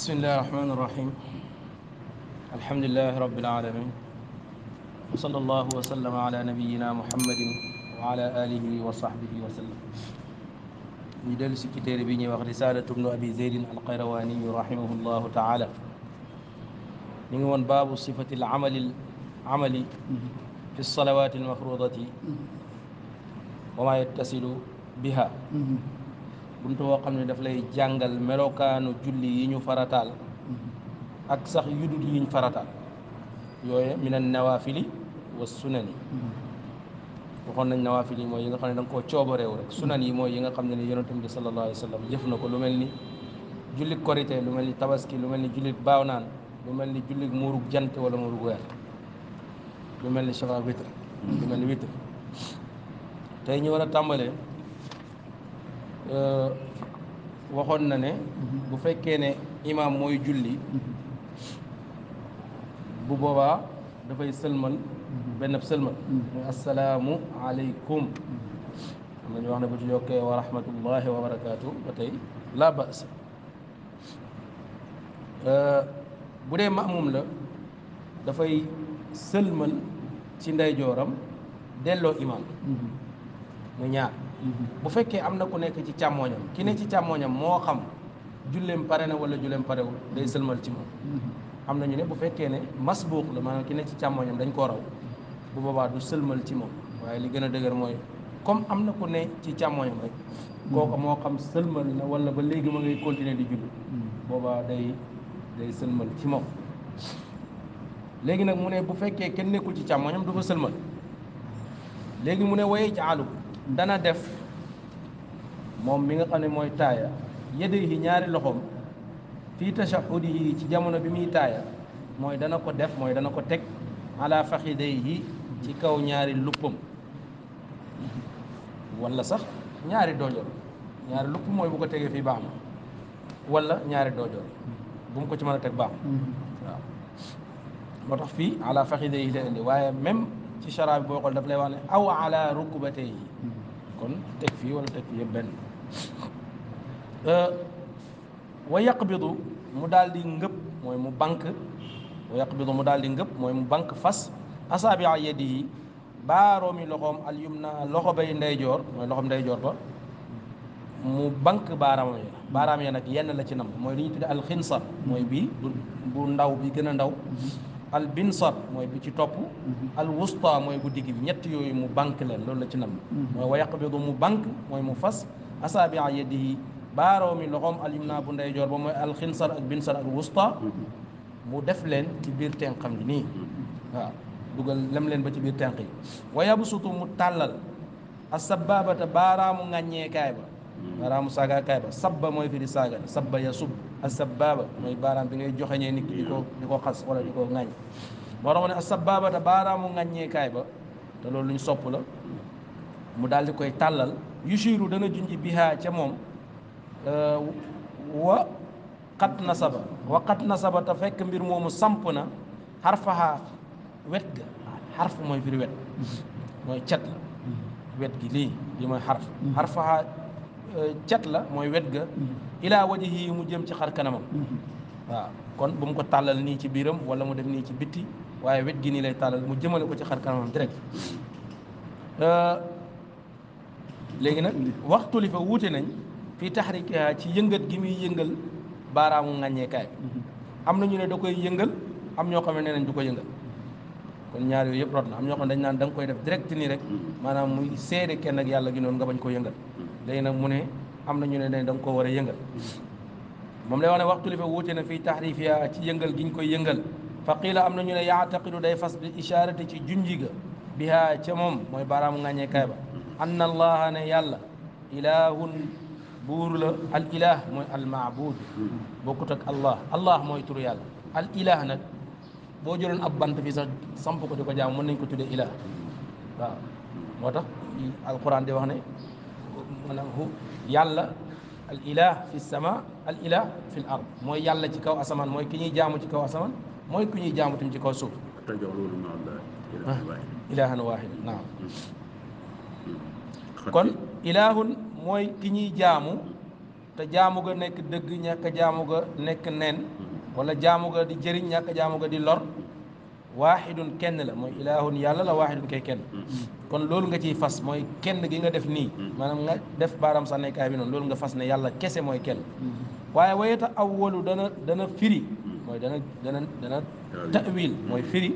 بسم الله الرحمن الرحيم الحمد لله رب العالمين وصلى الله وسلم على نبينا محمد وعلى آله وصحبه وسلم ندل سكتير واخ رساله ابن أبي زيد القيرواني رحمه الله تعالى وون باب صفة العمل العمل في الصلوات المفروضة وما يتصل بها buntu woo xam ne daf lay jàngal melokaanu julli yi ñu farataal ak sax yudut yiñ farataal yooye minan nawaafili wa sunan yi waxoon nañ nawaafil yi mooy yi nga xam ne da nga koo coobareew rek sunan yi mooy yi nga xam ne ne yonent bi sallallahu alayhi wa sallam jëf na ko lu mel ni jullit korite lu mel ni tabaski lu mel ni jullit baaw naan lu mel ni jullit muurug jant wala muurug weer lu mel ni shafa witre lu mel ni witre tey ñu war a tàmbalee Euh, waxoon na ne bu fekkee ne imaam mooy julli bu boobaa dafay sëlmal benn sëlmal muy assalaamu aleykum am nañu wax ne bu ci yokkee wa rahmatullahi wa ba tey laa baas euh, bu dee maamum la dafay sëlman ci ndeyjooram delloo imaam mu ñaar bu fekkee am na ku nekk ci càmmooñam ki ne ci càmmooñam moo xam julleem pare na wala julleem parewul day sëlmal ci moom am na ñu ne bu fekkee ne masbuuq la maanaam ki ne ci càmmooñam dañ koo raw bu boobaa du sëlmal ci moom waaye li gën a dëgër mooy comme am na ku ne ci càmmooñam rek moo xam sëlmal na wala ba léegi ma ngay continuer di julli boobaa day day sëlmal ci moom léegi nag mu ne bu fekkee kenn nekkul ci càmmooñam du ko sëlmal léegi mu ne waye jaalu dana def moom mi nga xam ne mooy taaya yëdey yi ñaari loxoom fii tashahudi yi ci jamono bi muy taaya mooy dana ko def mooy dana ko teg alaa ala faxidayhi ci kaw ñaari luppam wala sax ñaari doojoor ñaari lupp mooy bu ko tegee fii baax na wala ñaari doojoor bu mu ko ci mën a teg baax mm-hmm. waaw moo tax fii ala faxidayhi la indi waaye même ci sharab bi xol daf lay wane aw ala rukubate kon tek fi wala tek fii ben euh wa yaqbidu mu daldi di moy mu bank wa yaqbidu mu daldi di moy mu bank fas asabi yadihi baromi loxom al yumna loxo bay ndeyjoor mooy loxoom ndeyjoor ba mu bank baram yi baram yi nak yenn la ci nam moy li ñuy al khinsa moy bi bu ndaw bi gën ndaw al binsar mooy bi ci topp al wusta mooy bu digg bi ñett yooyu mu banque leen loolu la ci nam mooy wa yaqbidu mu banque mooy mu fas asaabi'a yadihi baaroo mi loxoom al yumna bu ndeyjoor ba mooy al xinsar ak binsar ak wusta mu def leen ci biir tenqam yi nii waaw dugal lem leen ba ci biir tenq yi wa yabsutu mu tàllal asababata baaraamu ŋàññeekaay ba baaraamu saagaakaay ba sabba mooy firi saaga sabba ya sub asababa moy baram bi ngay joxeñee nit ki diko ko wala diko ko ŋañ borom ne asababa te ngagne kay ba te lolou luñ sopp la mu dal di koy talal yushiru dana junji biha ca mom wa qat nasaba wa qat nasaba ta fek mbir momu samp na xarfaha wet ga xarf mooy chatla. wet mooy cet la wet gi li di moy harf harfaha chat la moy wet ga ilaa wajihi mu jëm ci xar kanamam kon bu mu ko tàllal nii ci biiram wala mu def nii ci bitti waaye wet gi nii lay tàllal mu jëmale ko ci xar kanamam direct euh, léegi nag waxtu li fa wuute nañ tax fii taxrikiha euh, ci yëngat gi muy yëngal baaraamu ŋàññeekaay am na ñu ne da koy yëngal am ñoo xam ne nañ du ko yëngal kon ñaar yooyu yëpp rot na am ñoo xam dañ naan da koy def direct nii rek maanaam muy seede kenn yàlla gi noonu nga bañ ko yëngal léegi am na ñu ne ne da nga koo war a yëngal moom lay wax ne waxtu li fa wuute na fii tahrifiya ci yëngal gi koy yëngal fa qiila am na ñu ne yaataqidu day fas bi isharati ci junji bi biha ca moom mooy baaraamu ŋàññee kaay ba anna allaha ne yàlla ilahun buur la al ilah mooy al maabud bokkut ak allah allah mooy turu yàlla al ilah nag boo jëloon ab bant fii sax ko di ko jaam mën nañ ko tuddee ilah waaw moo wax ne maanaam yàlla al ilah fi sama al ilah fi ard mooy yàlla ci kaw asaman mooy ki ñuy jaamu ci kaw asamaan mooy ki ñuy jaamu tam ci kaw suuf ilahan wahid naam kon ilahun mooy ki ñuy jaamu te jaamu ga nekk dëgg ñàkk jaamu nekk neen wala jaamu ga di jëriñ ñàkk jaamu ga di lor waaxidun kenn la mooy ilaahun yàlla la waaxidun kay kenn kon loolu nga ciy fas mooy kenn gi nga def nii maanaam nga def baaraam sànnekaay bi noonu loolu nga fas ne yàlla kese mooy kenn waaye wayeta awwalu dana dana firi mooy dana dana mooy firi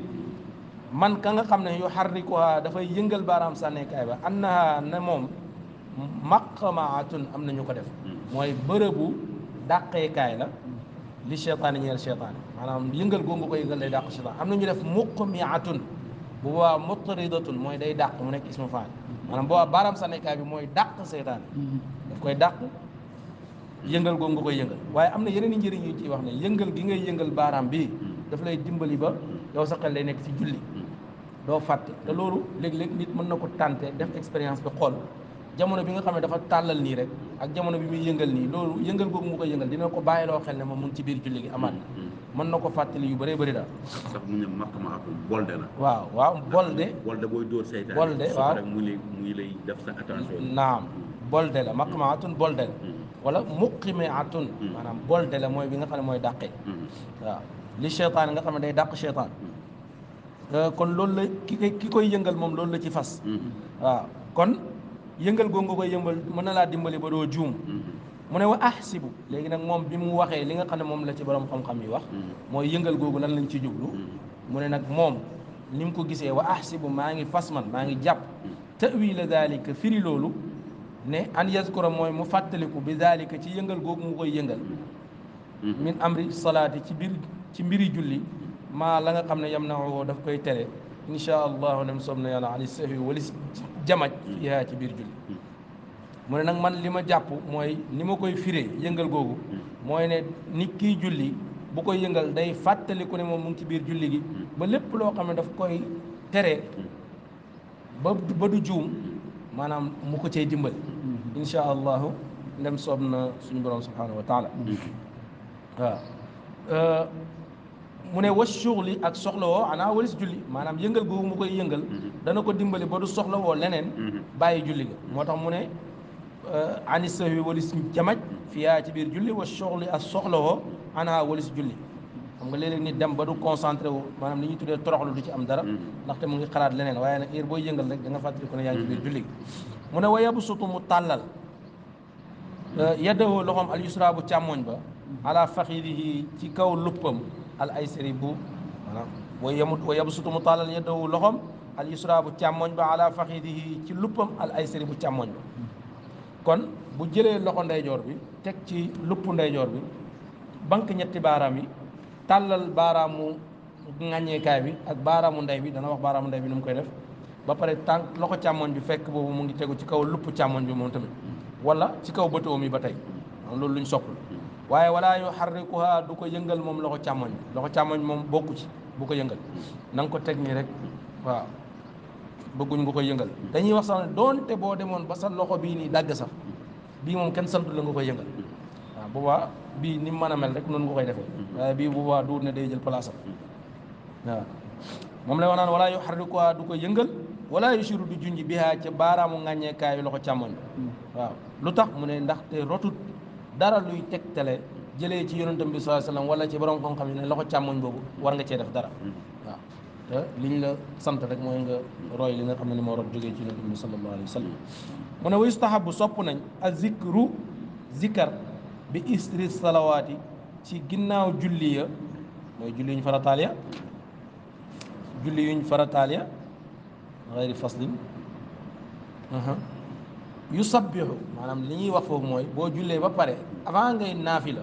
man ka nga xam ne yu xarrikuha dafay yëngal baaraam sànnekaay ba annaha ne moom maqamaatun am na ñu ko def mooy bërëbu dàqeekaay la li cheytaani ñeel cheytaani maanaam yëngal googu ko yëngal day dàq cheytaan am na ñu def muqmiatun bu boobaa mutridatun mooy day dàq mu nekk ismu faal maanaam boobaa baaraam sànnikaay bi mooy dàq seytaan mm-hmm. daf koy dàq yëngal googu koy yëngal waaye am na yeneen i njëriñ yu ciy wax ne yëngal gi ngay yëngal baaraam bi mm-hmm. daf lay dimbali ba yow sa xel lay nekk ci julli mm-hmm. doo fàtte te loolu léeg-léeg nit mën na ko tànte def expérience bi xool jamono bi nga xam ne dafa tàllal nii rek ak jamono bi muy yëngal nii loolu yëngal boobu mu ko yëngal dina ko bàyyiloo xel ne moom mu ngi ci biir julli gi amaat mm-hmm. mën na ko fàttali yu bare bari daal sax mu ne maq ma ak bolde la waaw waaw bolde bolde booy dóor seytaan bolde waaw mu lay muy lay def sa la maq ma atun bolde la mm-hmm. wala muqime atun mm-hmm. maanaam bolde la mooy bi nga xam ne mooy dàqe waaw li seytaan nga xam ne day dàq seytaan euh, kon loolu la ki ki koy yëngal moom loolu la ci fas waaw kon yëngal googu nga koy yëngal mën na laa dimbali ba doo juum mm-hmm. mu ne wa ahsibu léegi nag moom bi mu waxee li nga xam ne moom la ci borom xam-xam yi wax mm-hmm. mooy yëngal googu lan lañ ci jublu mm-hmm. mu ne nag moom ni mu ko gisee wa ahsibu maa ngi fas man maa ngi jàpp tawila dalika firi ne an yazkura mooy mu fàttaliku bi dalika ci yëngal googu mu koy yëngal min amri salaati ci biir ci mbiri julli maa la nga xam ne yam na woo daf koy tere incha allahu nem som na yàlla ali safi walis jamaj fiihaa ci biir julli mu ne nag man li ma jàpp mooy ni ma koy fire yëngal googu mooy ne nit kiy julli bu koy yëngal day fàttali ku ne moom mu ngi ci biir julli gi ba lépp loo xam ne dafa koy tere ba ba du juum maanaam mu ko cay dimbali incha allahu ndem soob na suñu borom subhanahu wa taala mm-hmm. waaw euh, mu ne wa shughli ak soxla woo anaa walis julli maanaam yëngal googu mu koy yëngal mhm. dana ko dimbali ba du soxla woo leneen mhm. bàyyi julli ga moo tax mu ne euh, ani sahwi walis jamaj fiyaa ci biir julli wa shughli ak soxla woo anaa walis julli xam nga léeg-léeg nit dem ba du concentré wu maanaam li ñuy tuddee toroxlu du ci am dara mhm. ndaxte mu ngi xalaat leneen waaye nag heure booy yëngal rek danga nga ko ne yaa ngi ci biir julli gi mu ne wa yabsutu mu tàllal euh, yaddawoo loxoom al yusra bu càmmooñ ba ala faxidihi ci kaw luppam al aysari bu maanaam way yamut way yabsutu mu tàllal yeddawu loxoom al yusra bu càmmoñ ba ala faxidihi ci luppam al aysari bu càmmoñ ba kon bu jëlee loxo ndeyjoor bi teg ci lupp ndeyjoor bi banque ñetti baaraam yi tàllal baaraamu ŋàññeekaay bi ak baaraamu ndey bi dana wax baaraamu ndey bi nu mu koy def ba pare tànk loxo càmmoñ bi fekk boobu mu ngi tegu ci kaw lupp càmmoñ bi moom tamit wala ci kaw bëtoom yi ba tey loolu luñ sopp la waaye walaa yuharrikuha du ko yëngal moom loxo càmmoñ loxo càmmoñ moom bokku ci bu ko yëngal na ko teg nii rek waaw bëgguñ nga koy yëngal dañuy wax sax ne doonte boo demoon ba sa loxo bii nii dàgg sax bii moom kenn santu la koy yëngal bii ni mu mën a mel rek noonu nga koy defee waaye bii boobaa duut day jël place am waaw moom lay wax naan walaa yuharrikuha du ko yëngal walaa yushiru du junj bihaa ca baaraamu ŋàññeekaayu loxo càmmoñ waaw lu tax mu ne ndaxte rotut dara luy tegtale jëlee ci yonentam bi sallallahu alayhi wala ci borom xam-xam yi ne loxo càmmoñ boobu war nga cee def dara hmm. waaw te ñu la sant rek mooy nga roy li nga xam ne moo rot jógee ci yonentam bi sallallahu alayhi wasallam mu ne wa yustahabu sopp nañ a zikru zikar bi istri salawaati ci ginnaaw julli ya mooy julli yuñ farataal ya julli yuñ farataal ya xayri faslin yusabbihu maanaam li ñuy wax foofu mooy boo jullee ba pare avant ngay naafila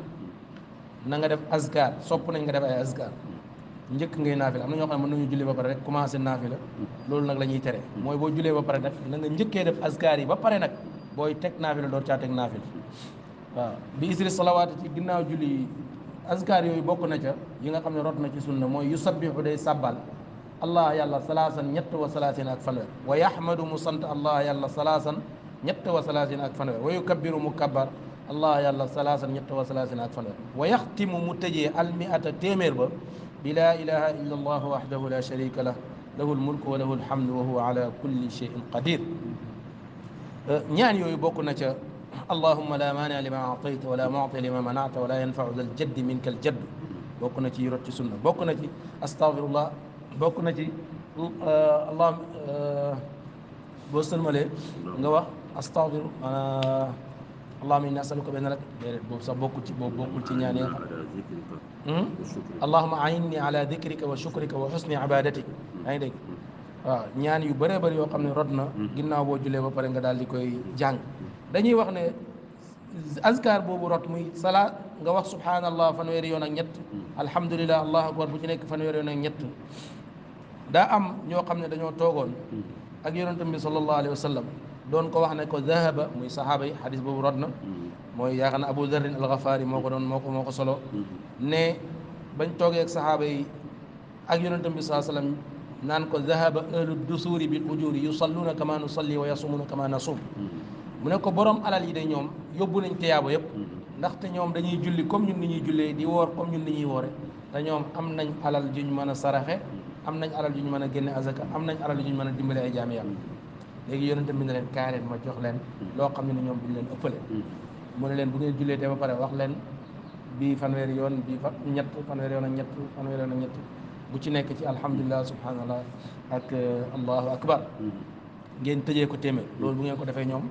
na nga def azkar sopp nañ nga def ay njëkk ngay naafila am na ñoo xam ne mën nañu jullee ba pare rek commencé naafila loolu nag la tere mooy boo jullee ba pare nag na njëkkee def azkar yi ba pare nag booy teg naafila door ca teg naafila waaw bi isri salawaati ci ginnaaw julli yi yooyu bokk na ca yi nga xam ne rot na ci sunna mooy yu day sabbal allah yàlla salaasan ñett wa salaasin ak fanweer wa yahmadu mu sant allah yàlla salaasan ñett wa salaasin ak fanweer wa yukabbiru mu kabbar allah yàlla salaasan ñett wa salaasin ak fanweer wa yaxtimu mu tëjee almiata téeméer ba bi laa ilaha illa allah waxdahu la sharika lah lahu lmulku wa lahu lhamdu wa huwa ala kulli cheyin qadir ñaan yooyu bokk na ca allahumma la maania lima aatayta wala muti lima manata wala yanfau da ljaddi minka aljadd bokk na ci rot ci sunna bokk na ci astafirullah bokk na ci allah boo sëlmalee nga wax astagfiru ana allahumma inna as'aluka bi annaka sa bokku ci bokku ci ñaané allahumma a'inni ala dhikrika wa shukrika wa husni ibadatik ay dégg waaw ñaan yu bëree bëri yoo xam ne rod na ginnaaw boo jullee ba pare nga daal di koy jàng dañuy wax ne azkar boobu rot muy sala nga wax subhanallah fanweeri yoon ak ñett alhamdulilah allah akbar bu ci nekk fanweeri yoon ak ñett daa am ñoo xam ne dañoo toogoon ak yonentam bi sallallahu alayhi wa sallam دون كو واخ نكو ذهب موي صحابي حديث بوب ردنا موي ياخنا ابو ذر الغفاري موكو دون موكو موكو سولو ني بان توغي اك صحابي اك يونت النبي صلى الله عليه وسلم نان كو ذهب اهل الدثور بالاجور يصلون كما نصلي ويصومون كما نصوم مو نكو بروم علال يدي نيوم يوبو نين تياب ييب نخت نيوم داني جولي كوم نين ني جولي دي وور كوم نين ني وور تا ام نان علال جيني مانا سارخه ام نان علال جيني مانا ген ازكا ام نان علال جيني مانا ديمبالي اي جاميام léegi yonente bi ne leen kaay leen ma jox leen hmm. loo xam ne ñoom duñ leen ëppale hmm. mu ne leen bu ngeen jullee te a pare wax leen bii fanweeri yoon bii fa ñett fanweeri yoon ak ñett fanweeri yoon ak ñett bu ci nekk ci alhamdulilah subhanallah ak eh, allahu akbar hmm. ngeen tëjee ko téeméer loolu bu ngeen ko defee ñoom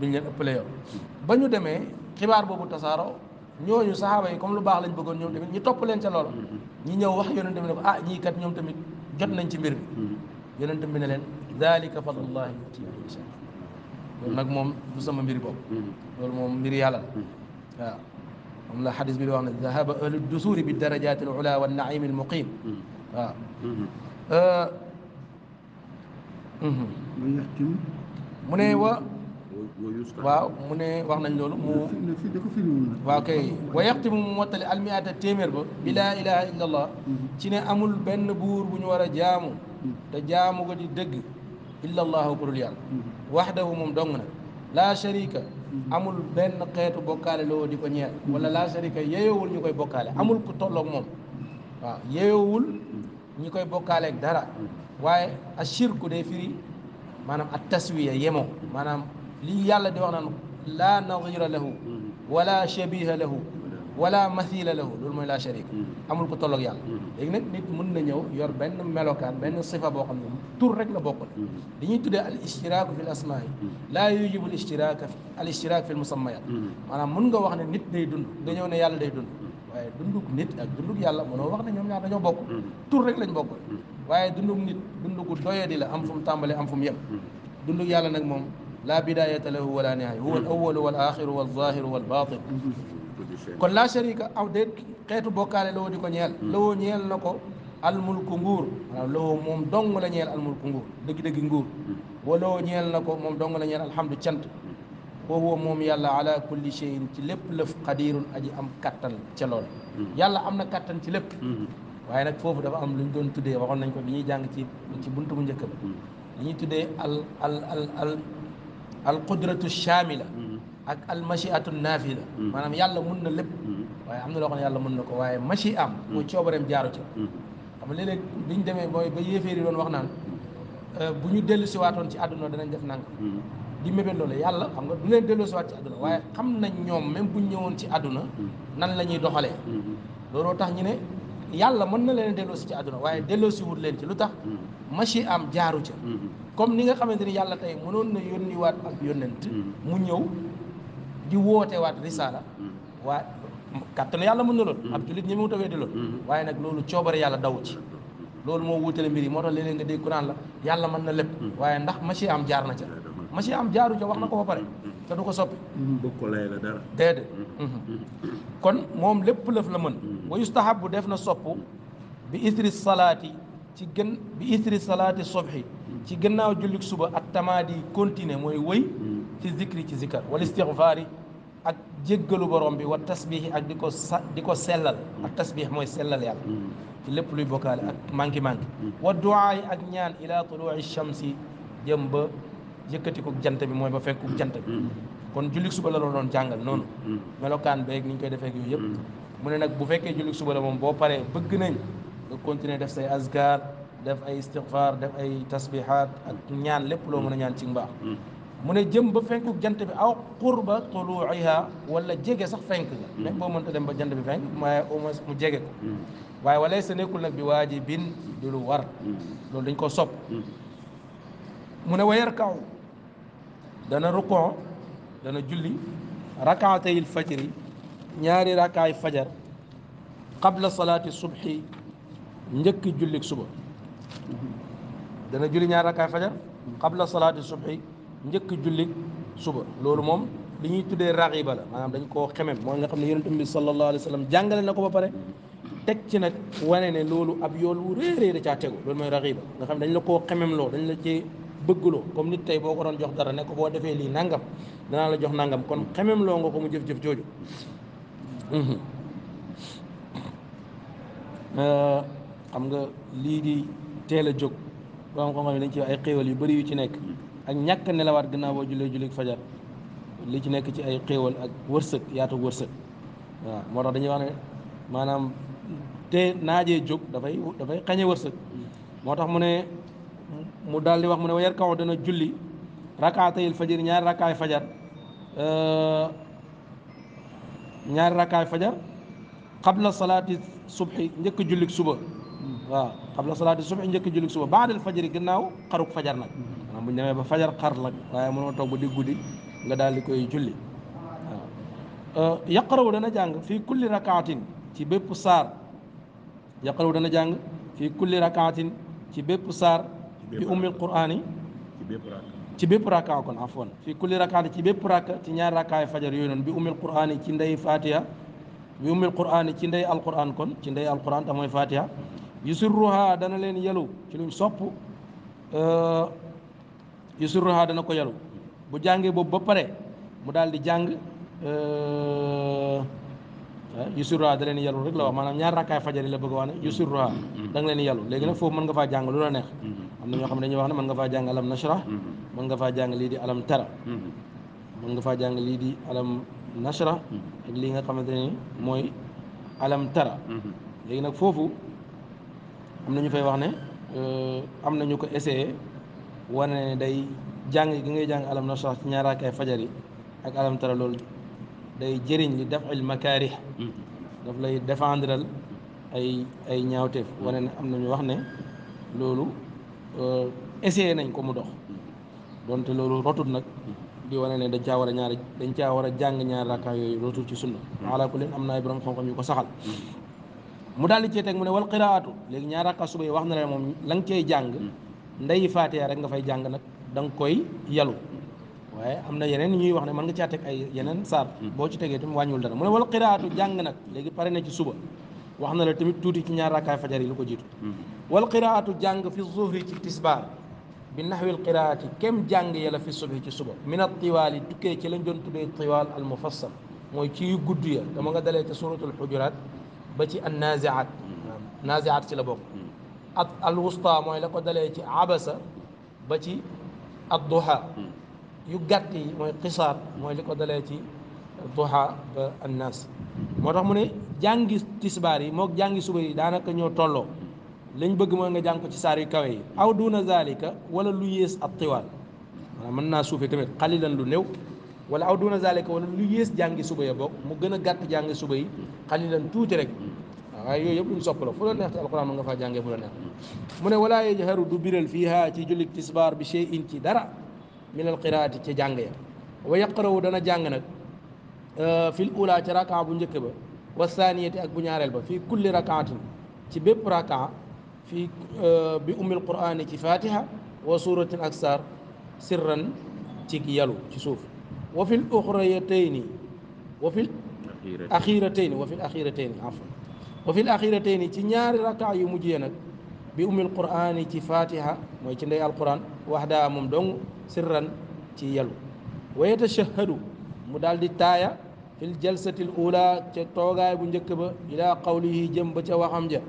duñ leen ëppale yow ba ñu demee xibaar boobu tasaaro ñooñu saxaaba yi comme lu baax lañ bëggoon ñoom tamit ñu topp leen ca loola ñi ñëw wax yonente bi ne ko ah ñii kat ñoom tamit jot nañ ci mbir bi yonente bi ne leen ذلك فضل الله يؤتيه من يشاء لول نك موم دو سما مبير بوب لول موم مبير يالال واه ام لا حديث بيرو وخنا ذهب اهل الدسور بالدرجات العلى والنعيم المقيم واه اه من يختم مني و واو مني واخنا لول مو في دكو في واو كاي ويختم موتل المئات التمر بلا اله الا الله تي ني امول بن بور بو ني ورا جامو تا جامو غدي دغ إلا الله كرول يال وحده ممدونا لا شريك أمول بن قيت بوكالي لو دي ولا لا شريك ييوول نيكوي بوكالي أمول كتولو موم آه، ييوول نيكوي بوكالي دارا واي الشرك دي فيري مانام التسوية يمو مانام لي يالا دي وانا لا نغير له ولا شبيه له ولا مثيل له لول موي لا شريك امول كو تولوك يال ليك نك نيت مون نيو يور بن ملوكان بن صفه بو خامني تور رك لا بوكل دي ني تودي الاشتراك في الاسماء لا يوجب الاشتراك في الاشتراك في المسميات مانام مون نغا واخني نيت داي دوند دا نيو ني يال داي دوند واي دوندوك نيت اك دوندوك يالا مونو واخني نيوم نيار دانيو بوك تور رك لاج بوكل واي دوندوك نيت دوندوكو دويا دي لا ام فوم تامبالي ام فوم يم دوندوك يالا نك موم لا بدايه له ولا نهايه هو الاول والاخر والظاهر والباطن kon laa sharika aw déet xeetu bokkaale lawoo di ko ñeel hmm. lawoo ñeel na ko almulku nguur maanaam lawoo moom dong la ñeel almulku nguur dëgg-dëgg nguur hmm. woo lawoo ñeel ko moom dong la ñeel alhamdu cant hmm. wa huwa moom yàlla ala kulli shay'in ci lépp lëf qadirun aji am kattan ca lool yàlla am na kattan ci lépp waaye nag foofu dafa am lu ñu doon tuddee waxoon nañ ko bi ñuy jàng ci ci buntu bu njëkk ba li tuddee al al al al al qudratu shamila ak al machiatu la mm. maanaam yàlla mun na lépp mm. waaye am na loo xam ne yàlla mun na ko waaye machi am mm. mooy coobareem jaaru ci xam nga léeg-léeg bi ñu demee mooy ba yéeféer yi doon wax naan euh, bu ñu dellu siwaatoon ci àdduna danañ def nang di mébét loolu yàlla xam nga du leen dellu siwaat ci àdduna waaye xam nañ ñoom même bu ñu ñëwoon ci àdduna nan la ñuy doxalee looloo tax ñu ne yàlla mën na leen si ci àdduna waaye delloosi wut leen ci lu tax machi am jaaru ca mm-hmm. comme ni nga xamante ni yàlla tey mënoon na yónniwaat ak mu ñëw di wootewaat risaala mm-hmm. waa kàttanu yàlla mën na loolu mm-hmm. ab jullit ñi mu tawee di loolu mm-hmm. waaye nag loolu coobare yàlla daw ci loolu moo wuutale mbir yi moo tax léeg-léeg nga dégg Kuraan la yàlla mën na lépp waaye ndax machi am jaar na ca machi am jaaru ca wax na ko ba pare te du ko soppi bokk lay la dara déedéet kon moom lépp lëf la mën wa yustahabu def na sopp bi isri salaati ci gën bi isri salaati sobhi ci gannaaw jullik suba ak tamaadi continuer mooy wëy ci zikri ci zikkar wala istixfaar yi ak jéggalu borom bi wa tasbih ak di ko sa di ko sellal ak tasbih mooy sellal yàlla ci lépp luy bokkaale ak manqué manqué wa duaa yi ak ñaan ila tuluui shamsi jëm ba yëkkati ko jant bi mooy ba fekku jant bi kon jullik suba la doon jàngal noonu melokaan beeg ni ñu koy defeek yooyu yëpp mu ne nag bu fekkee jullik suba la moom boo paree bëgg nañ nga continuer def say azkar def ay istixfaar def ay tasbihaat ak ñaan lépp loo mën a ñaan ci mbaax mu ne jëm ba fenku jant bi aw qurba tuluuiha wala jege sax fenk la même boo mënta dem ba jant bi fenk waaye au moins mu jege ko waaye walay sa nekkul nag bi bin du lu war loolu dañ ko sopp mu ne wayar kaw dana rukon dana julli rakaatayil fajri ñaari rakaay fajar qabla salati subhi njëkki jullik suba dana julli ñaari rakaay fajar qabla salaati subhi njëkk jullik suba loolu moom li ñuy tuddee raxiba la maanaam dañ koo xemem mooy nga xam ne yonent bi sallallahu alayhi wa sallam jàngale na ko ba pare teg ci nag wane ne loolu ab yool wu réeréer da tegu loolu mooy raxiba nga xam ne dañ la koo xemem loo dañ la ci bëggloo comme nit tey boo ko doon jox dara ne ko boo defee nangam danaa la jox nangam kon xemem loo nga ko mu jëf-jëf jooju mhm. euh, xam nga lii di teel a jóg donc xam nga dañ ci ay xéewal yu bëri yu ci nekk ak ñàkk a nelawaat gannaaw boo jullee julli fajar li ci nekk ci ay xéewal ak wërsëg yaatu wërsëg moo tax dañuy wax ne maanaam te naajee jóg dafay dafay xañe wërsëg moo tax mu ne mu daal di wax mu ne wayar kaw dana julli rakaatayil fajar ñaari rakaay fajar euh, ñaari rakaay fajar qabla salaati subhi njëkk jullik suba hmm. waaw qabla salaati subhi njëkk jullik suba baadal fajari gannaaw xaruk fajar nag hmm. maanaam bu ba fajar xar la waaye mënoo toog di guddi nga daal di koy julli euh, dana jàng fi kulli rakaatin ci bépp saar yaqarawu dana jàng fi kulli rakaatin ci bépp saar bi ummi quraani ci bépp raka kon afon fi kulli rakaatin ci bépp raka ci ñaar rakkaay fajar yooyu noonu bi ummi quraani ci ndey fatiha bi ummi quraani ci ndey alquran kon ci ndey alquran te mooy fatiha yusirruha dana leen yelu ci luñ sopp euh, yusurruha dana ko yaru bu jàngee boobu ba pare mu daal di jàng euh, eh, yusurruha da leen yaru rek la wax maanaam ñaar rakkaay fajari la bëgg wax ne yusurruha mm-hmm. da nga leen yaru léegi nag foofu mën nga faa jàng lu mm-hmm. am na ñoo xam dañuy wax ne mën nga faa jàng alam nashrah mën nga faa jàng di alam mm-hmm. tara mën nga faa jàng lii di alam nga xamante ne mooy alam tara léegi nag foofu am na ñu fay wax ne euh, am na ñu ko essayé wane ne day jàng gi ngay jàng alam nasrah ci ñaaraakaay fajar yi ak alam tara loolu day jëriñ li daf il makaarih daf lay défendral ay ay ñaawteef wane ne am nañu wax ne loolu euh, essayé nañ ko mu dox donte loolu rotut nag di wane ne dañ caa war a ñaari dañ caa war a jàng ñaar rakka yooyu rotut ci sunna ala kulli am na ay borom xam-xam ko saxal mu daal di cee teg mu ne wal qiraatu léegi ñaari rakka suba yi wax na la moom la nga cey jàng ndey faatiha rek nga fay jàng nak dang koy yalu waye amna yenen ñuy wax ne man nga ci teg ay yenen sa bo ci tege tamit wañul dara mu ne wala qiraatu jàng nak legi pare na ci suba wax na la tamit tuti ci ñaar rakkaay fajar yi lu ko jitu wal qiraatu jàng fi zuhri ci tisbaar bi al qiraati kem jàng ya la fi subhi ci suba min at tiwaal tuké ci lañ doon tuddé tiwal al mufassal moy ci yu gudd ya dama nga dalé ci suratul hujurat ba ci an nazi'at nazi'at ci la bokk ak al mooy la ko dalee ci abasa ba ci ad duha hmm. yu gàtt yi mooy xisaar mooy li ko dalee ci duha ba annaas moo tax mu ne jàngi tisbaar yi mook jàngi suba yi daanaka ñoo tolloo lañ bëgg mooy nga jàng ko ci saar yu kawe yi aw duna zalika wala lu yées ak tiwaal maanaam mën naa suufee tamit xalilan lu new wala aw duna zalika wala lu yées jàngi suba ya bokk mu gën a gàtt jàngi suba yi hmm. xalilan tuuti rek hmm. waaye yooyu yëpp luñ sopp la fu la neex ci alquran nga fa jàngee bu la neex mu ne walaa yajharu du biral fiha ci jullit tisbar bi shay in ci dara min al ci ca jàng ya wa yaqra'u dana jàng nag fil ula ci raka bu njëkk ba wa saniyati ak bu ñaarel ba fi kulli rakaatin ci bépp raka fi bi ummil alquran ci fatiha wa suratin aksar sirran ci yalu ci suuf wa fil uxrayatayni wa fil axiratayni wa fil axiratayni afan وفي الاخيرتين تي نيار ركع يمجي نك بام القران تي فاتحه موي تي ندي القران وحده موم دون سرا تي يلو ويتشهدوا مودال دي تايا في الجلسه الاولى تي توغاي بو نك با الى قوله جيم با تي وخم جا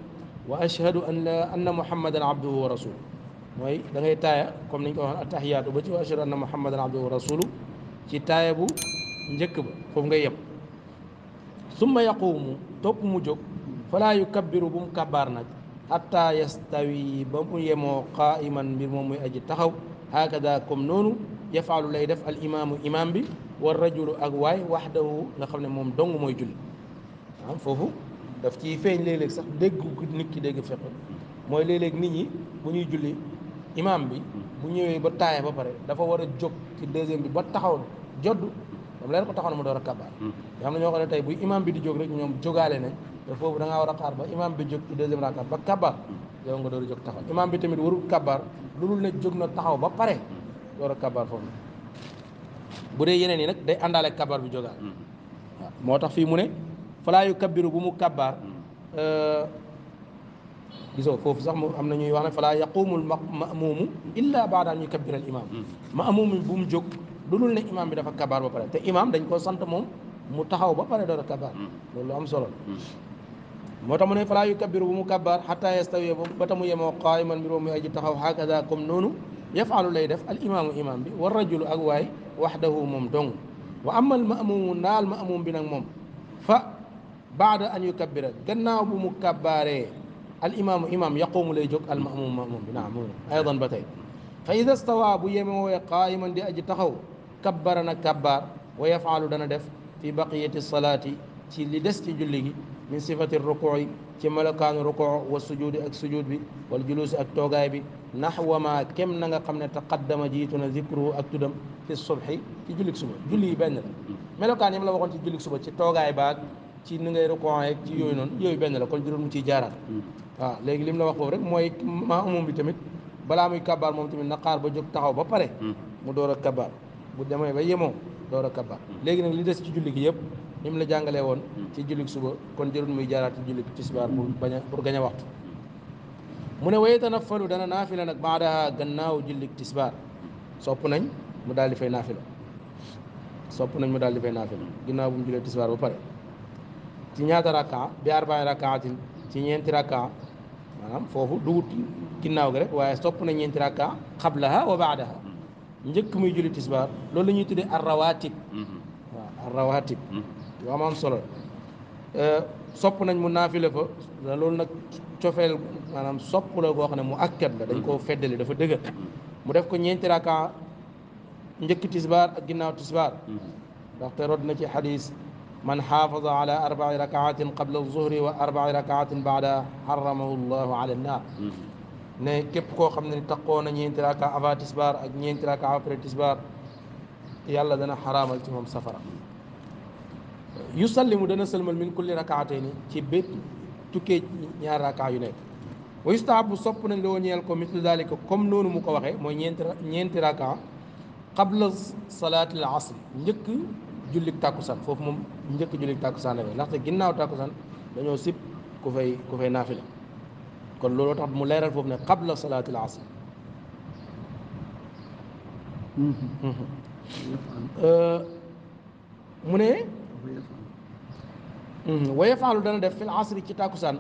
واشهد ان لا ان محمدا عبده ورسوله موي داغي تايا كوم نينكو وخ التحيات با تي واشهد ان محمدا عبده ورسوله تي تايا بو نك با فوف ثم يقوم توك مو جوك fala yukabbiru bu mu kabbaar nag hatta yastawi ba mu yemoo qaa'iman mbir moom muy aji taxaw hakada comme noonu yafaalu lay def al imaamu imaam bi wa rajulu ak waay waxdahu nga xam ne moom dong mooy julli am foofu daf ciy feeñ léeg-léeg sax dégg nit ki dégg feq mooy léeg-léeg nit ñi bu ñuy julli imaam bi bu ñëwee ba taaya ba pare dafa war a jóg ci deuxième bi ba taxaw jodd dam leen ko taxaw na mu door a kabaar yoo xam ne ñoo xam ne tey bu imaam bi di jóg rek ñoom jógaale ne te foofu danga war a xaar ba imam bi jóg ci deuxième rakaat ba kabar yow nga door a jóg taxaw imam bi tamit warul kabar lu dul ne jóg na taxaw ba pare door a dee yeneen yi nag day àndaale kabar bi jógaat hmm. tax fii mu ne falaa mu kabar hmm. euh, gisoo foofu sax am na ñuy wax ne falaa yaqumul mamuumu illa baada an yukabbira al imam hmm. mamuum bi bu mu jóg lu dul ne bi dafa kabar ba pare te imam dañ koo sant moom mu taxaw ba pare door a kabar loolu am solo moo tax mu ne falaa yu kabbiru bu mu kabbaar xataa yastawiya ba ta mu yemoo qaayiman mbir mu aji taxaw hakada comme noonu yafaalu lay def al imaamu imaam bi wa rajulu ak waay waxdahu moom dong wa ama al maamumu naal maamum bi nag moom fa baada an yukabbira gannaaw bu mu kabbaaree al imaamu imaam yaquumu lay jóg al maamumu maamum bi naam aydan ba tey fa ida stawa bu yemoowee qaayiman di aji taxaw kabbara na kabbaar wa yafaalu dana def fi baqiyati salaati ci li des ci julli gi من صفة الركوع كما كان الركوع والسجود أك سجود بي والجلوس أك توغاي بي نحو ما كم نغا خمنا تقدم جيتنا ذكره أك تدم في الصبح في جوليك سبا جولي بن لا ملا كان يملا وكون في جوليك سبا تي توغاي با تي نغاي ركوع أك تي يوي نون يوي بن لا كون جورم تي جارا اه لغي لم لا وخو رك موي ما عموم بي تاميت بلا موي كبار موم تاميت نقار با جوك تاخاو با باري مو دورا كبار بو ديمي با يمو دورا كبار لغي نغ لي ديس تي جوليك ييب ni la jàngale woon hmm. ci jullit suba kon jërul muy jaaraat ci jullit tisbaar pour bañ a waxtu hmm. mu ne waye tanafalu dana naafila nag baadaha gannaaw jullit tisbaar hmm. sopp nañ mu daal di fay naafila sopp nañ mu daal di fay naafila bu mu jullee tisbaar ba pare ci ñaata rakka bi arbaay rakkaatin ci ñeenti rakka foofu dugut ginnaaw gi rek waaye sopp nañ ñeenti rakka xablaha wa baadaha njëkk muy julli tisbaar loolu la ñuy tuddee arrawatib waaw arrawatib lu am am solo sopp nañ mu nafilé fa da loolu nag cofeel maanaam sopp la go xamné mu akkat la dañ ko fédélé dafa dëgër mu def ko ñeenti raka ñëk tisbar ak tisbar ndax té rod na ci hadith من حافظ على أربع ركعات قبل الظهر وأربع ركعات بعد حرمه الله على النار ني كيب كو خامني xam ne taqoo na ñeenti raka avant tisbaar ak ñeenti raka après tisbaar yàlla dana xaraamal ci moom safara يسلم دنا سلم من كل ركعتين كي بيت توكي نيار ركع يو نيك ويستحب صبنا لو نيال كو مثل ذلك كم نون مو واخي مو نينت ركع قبل صلاه العصر نيك جوليك تاكوسان فوف موم نيك جوليك تاكوسان لا نخت غيناو تاكوسان دا نيو سيب كو فاي كو فاي نافله كون لولو تاب مو ليرال فوف نيك قبل صلاه العصر ا أه، Hmm, wa yafaalu dana def fil asri ci tàkkusaan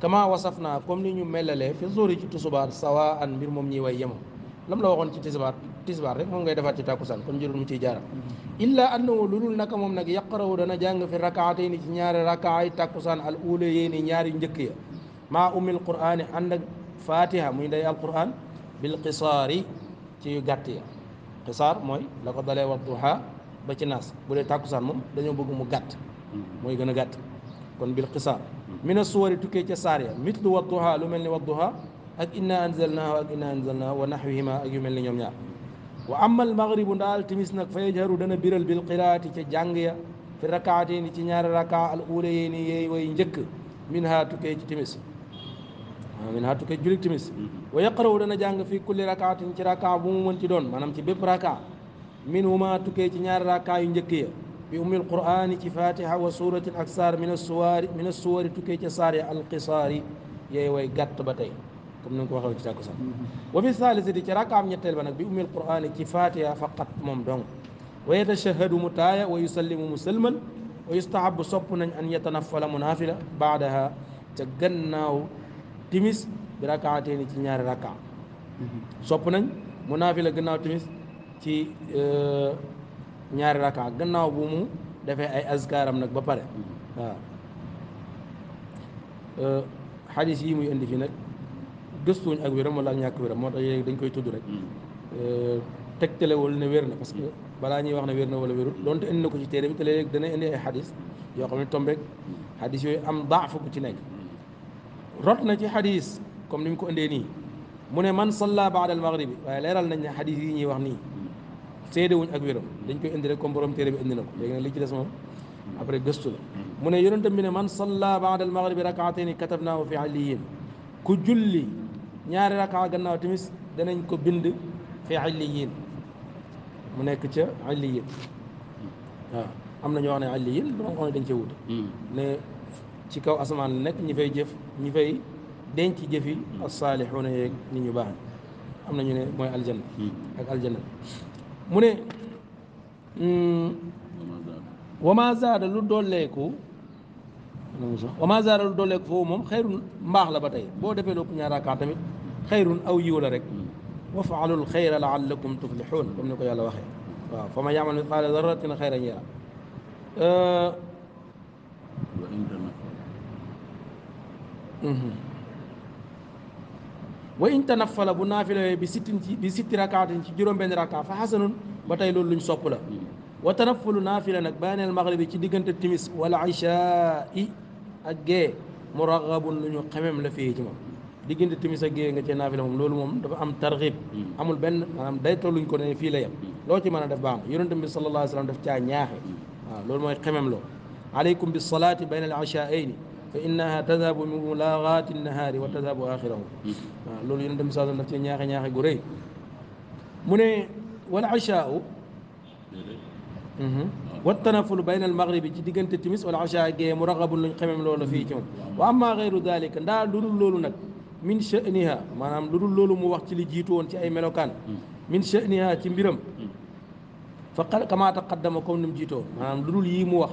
kama wasaf naa comme ni ñu melalee fi zori ci tusubaar sawa an mbir moom ñi way yemo lam la waxoon ci tisbaar tisbaar rek moom ngay defaat ci tàkkusaan kon jërul mu ciy jaaral hmm. illa annahu lulul naka moom nag yaqarawu dana jàng fi rakaatay ni ci ñaari rakaay tàkkusaan al uula yee ni ñaari njëkk ya maa umil qur'aani ànd ak fatiha muy ndey alquran bil qisaari ci yu gàtt ya qisaar mooy la ko dalee wax duha ba ci naas bu dee dañoo bëgg mu gàtt Mm-hmm. mooy gën a gàtt kon bil xisaar mm-hmm. mina suwari tukkee ca saar ya mitlu wadduha lu mel ni wadduha ak inna anzalnaha ak inna anzalnaha wa nahwihima ak yu mel ni ñoom ñaar mm-hmm. wa amal maghribu ndaal timis nag fa yajharu dana biral bil qiraati ca jàng ya fi rakaatayni ci ñaari raka al uula yee ni yeey way njëkk min ha tukkee ci timis min ha tukkee julik timis wa yaqrawu dana jàng fi kulli rakaatin min huma tukkee ci ñaari raka yu njëkk ya بأم القرآن كفاتحة وسورة الأكسار من السوار من السور تكيت سار القصار يوي قط بتي كم نقول خلو تشاكو سام وفي الثالثة دي ركعة من يتل بنك بأم القرآن كفاتحة فقط ممدون ويتشهد متايا ويسلم مسلما ويستحب صبنا أن يتنفل منافلة بعدها تجناو تمس بركعتين تنيار ركعة صبنا منافلة جناو تمس تي أه ñaari raka gannaaw bu mu defee ay azkaaram nag ba pare waaw xadis yi muy indi fii nag gëstuñ ak wéram wala ak ñàkk wéram moo tax yéeg dañ koy tudd rek tegtalewul ne wér na parce que balaa ñuy wax ne wér na wala wérul donte indi na ko ci téere bi te léeg dana indi ay xadis yoo xam ne tombeek xadis yooyu am daaf bu ci nekk rot na ci xadis comme ni mu ko indee nii mu ne man salla baada al maghribi waaye leeral nañ ne xadis yi ñuy wax nii seede wuñ ak wéram dañ koy indi rek comme borom téere bi indi na ko léegi nag li ci des moom après gëstu la mu ne yonentam bi ne man salla baada al maghribi rakaatayni katabnaahu fi alliyin ku julli ñaari rakaa gannaaw timis danañ ko bind fi alliyin mu nekk ca alliyin waaw am na ñoo xam ne alliyin dama xam ne dañ cee wut ne ci kaw asamaan la nekk ñi fay jëf ñi fay denc jëfi asaalixuuna yeeg nit ñu baax am na ñu ne mooy aljanna ak aljanna mu ne wama zaada lu dolleeku wama zaada lu dolleeku foofu moom xayrun mbaax la ba tey boo defee loo ñaar rakkaa tamit xayrun aw yiw la rek wafaalul xayra laallakum tuflixuun comme ni ko yàlla waxee waaw fa ma yaamal mitqaala darratin xayran yara wa in وإن تنفل أبو نافلة بست ركعات جيرون بين ركعة فحسن بطي لول لن سوبلا وتنفل نافلة نقبان المغرب تدقن تتمس والعشاء أجي مرغب لن يقمم لفيه جمع دقن تتمس أجي نجي نافلة مم لول مم أم ترغيب أم البن أم دايت لول نكون في ليم لو تمانا دفعام يرون تنبي صلى الله عليه وسلم دفتا نياه لول ما يقمم له عليكم بالصلاة بين العشاءين فانها تذهب من ملاغات النهار وتذهب اخره آه، لول يندم سادو نتي نياخي نياخي غوري من والعشاء والتنفل بين المغرب تي ديغنت تيمس والعشاء جي مرغب لن خمم لول في تيوم واما غير ذلك دا لول لول نك من شانها مانام لول لول مو واخ تي لي جيتو وون تي اي ملوكان من شانها تي مبرم فقال كما تقدمكم نم جيتو مانام لول يي مو واخ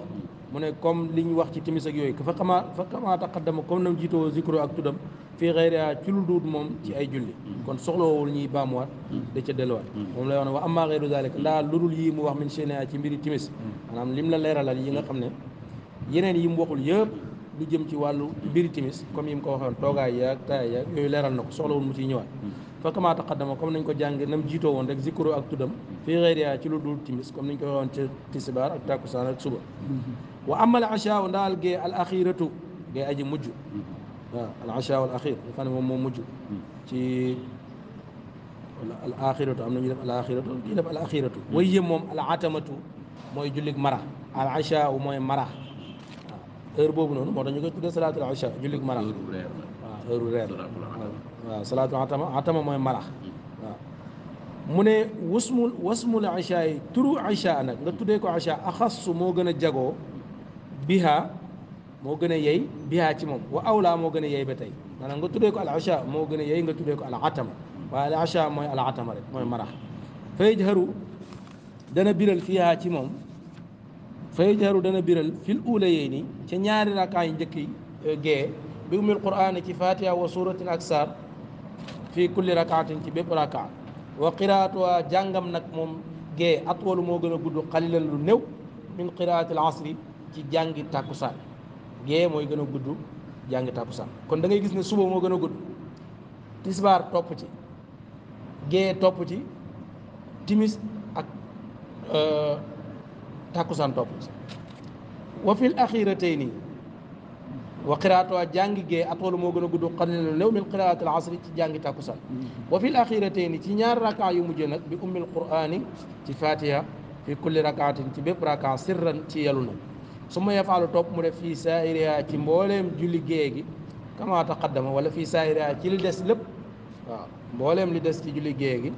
mu ne comme li ñu wax ci timis ak yooyu fa xamaa fa xamaa taqaddama comme nam jiitoo zikro ak tuddam fii xeyria ci moom ci ay julli kon soxlawul ñuy baamuwaat da ca delluwaat moom lay wax ne wa amma xeyru zalika ndaa lu dul yii mu wax min chenia ci mbiri timis maanaam lim la leeralal yi nga xam ne yeneen yi mu yëpp lu jëm ci wàllu mbiri timis comme yi mu ko waxoon toogaay yaag taay yaag yooyu leeral na ko soxlawul mu ciy ñëwaat fa kama taqaddama comme nañ ko jàng nam jiitoo woon rek zikro ak tuddam fii xeyria ci lu dul timis comme nañ ko waxoon ci tisibaar ak takkusaan ak suba واما العشاء ودال جي الاخيره تو جي اجي مجو آه، العشاء والاخير فان مو مجو تي الاخيره تو امنا نديف الاخيره تو نديف الاخيره تو وي موم العتمه تو موي جوليك مرا العشاء موي مرا هر آه، بوب نونو مو دانيو تودي صلاه العشاء جوليك مرا هر رير آه، صلاه العتمه عتمه موي مرا mune wasmul wasmul aisha turu aisha nak nga tude ko aisha akhas mo gëna jago biha moo gën a yey biha ci moom wa awla moo gën a nga tuddee ko al asha moo gën a yey nga tuddee ko al atama waaye al asha moy al atama rek mooy marax fay jaru dana biral fiha ci moom fay dana biral fil uula yey ni ca ñaari rakaa yi njëkk yi gee bi umil qur'aani ci fatiha wa suratin ak fi kulli rakaatin ci bépp rakaa wa qiraatuha jàngam nag moom gee at walu moo gën a lu néew min qiraati al asri ci jàngi tàkkusaan gee mooy gën a gudd jàngi tàkkusaan kon da ngay gis ne suba moo gën a gudd tisbaar topp ci gee topp ci timis ak euh, tàkkusaan topp ci fi fil axiratayni wa qiraatuha jàngi gee atoolu moo gën a gudd xalilan law min qiraatil asri ci jàngi tàkkusaan mm-hmm. wa fil axiratayni ci ñaar rakaa yu mujje nag bi ummil quraani ci fatiha fi kulli rakaatin ci bépp rakaa sirran ci yalu nag su ma yafaalu topp mu def fii saairia ci mbooleem julli gée gi kama taqaddama wala fii saairia ci li des lépp waaw mbooleem li des ci julli gée gi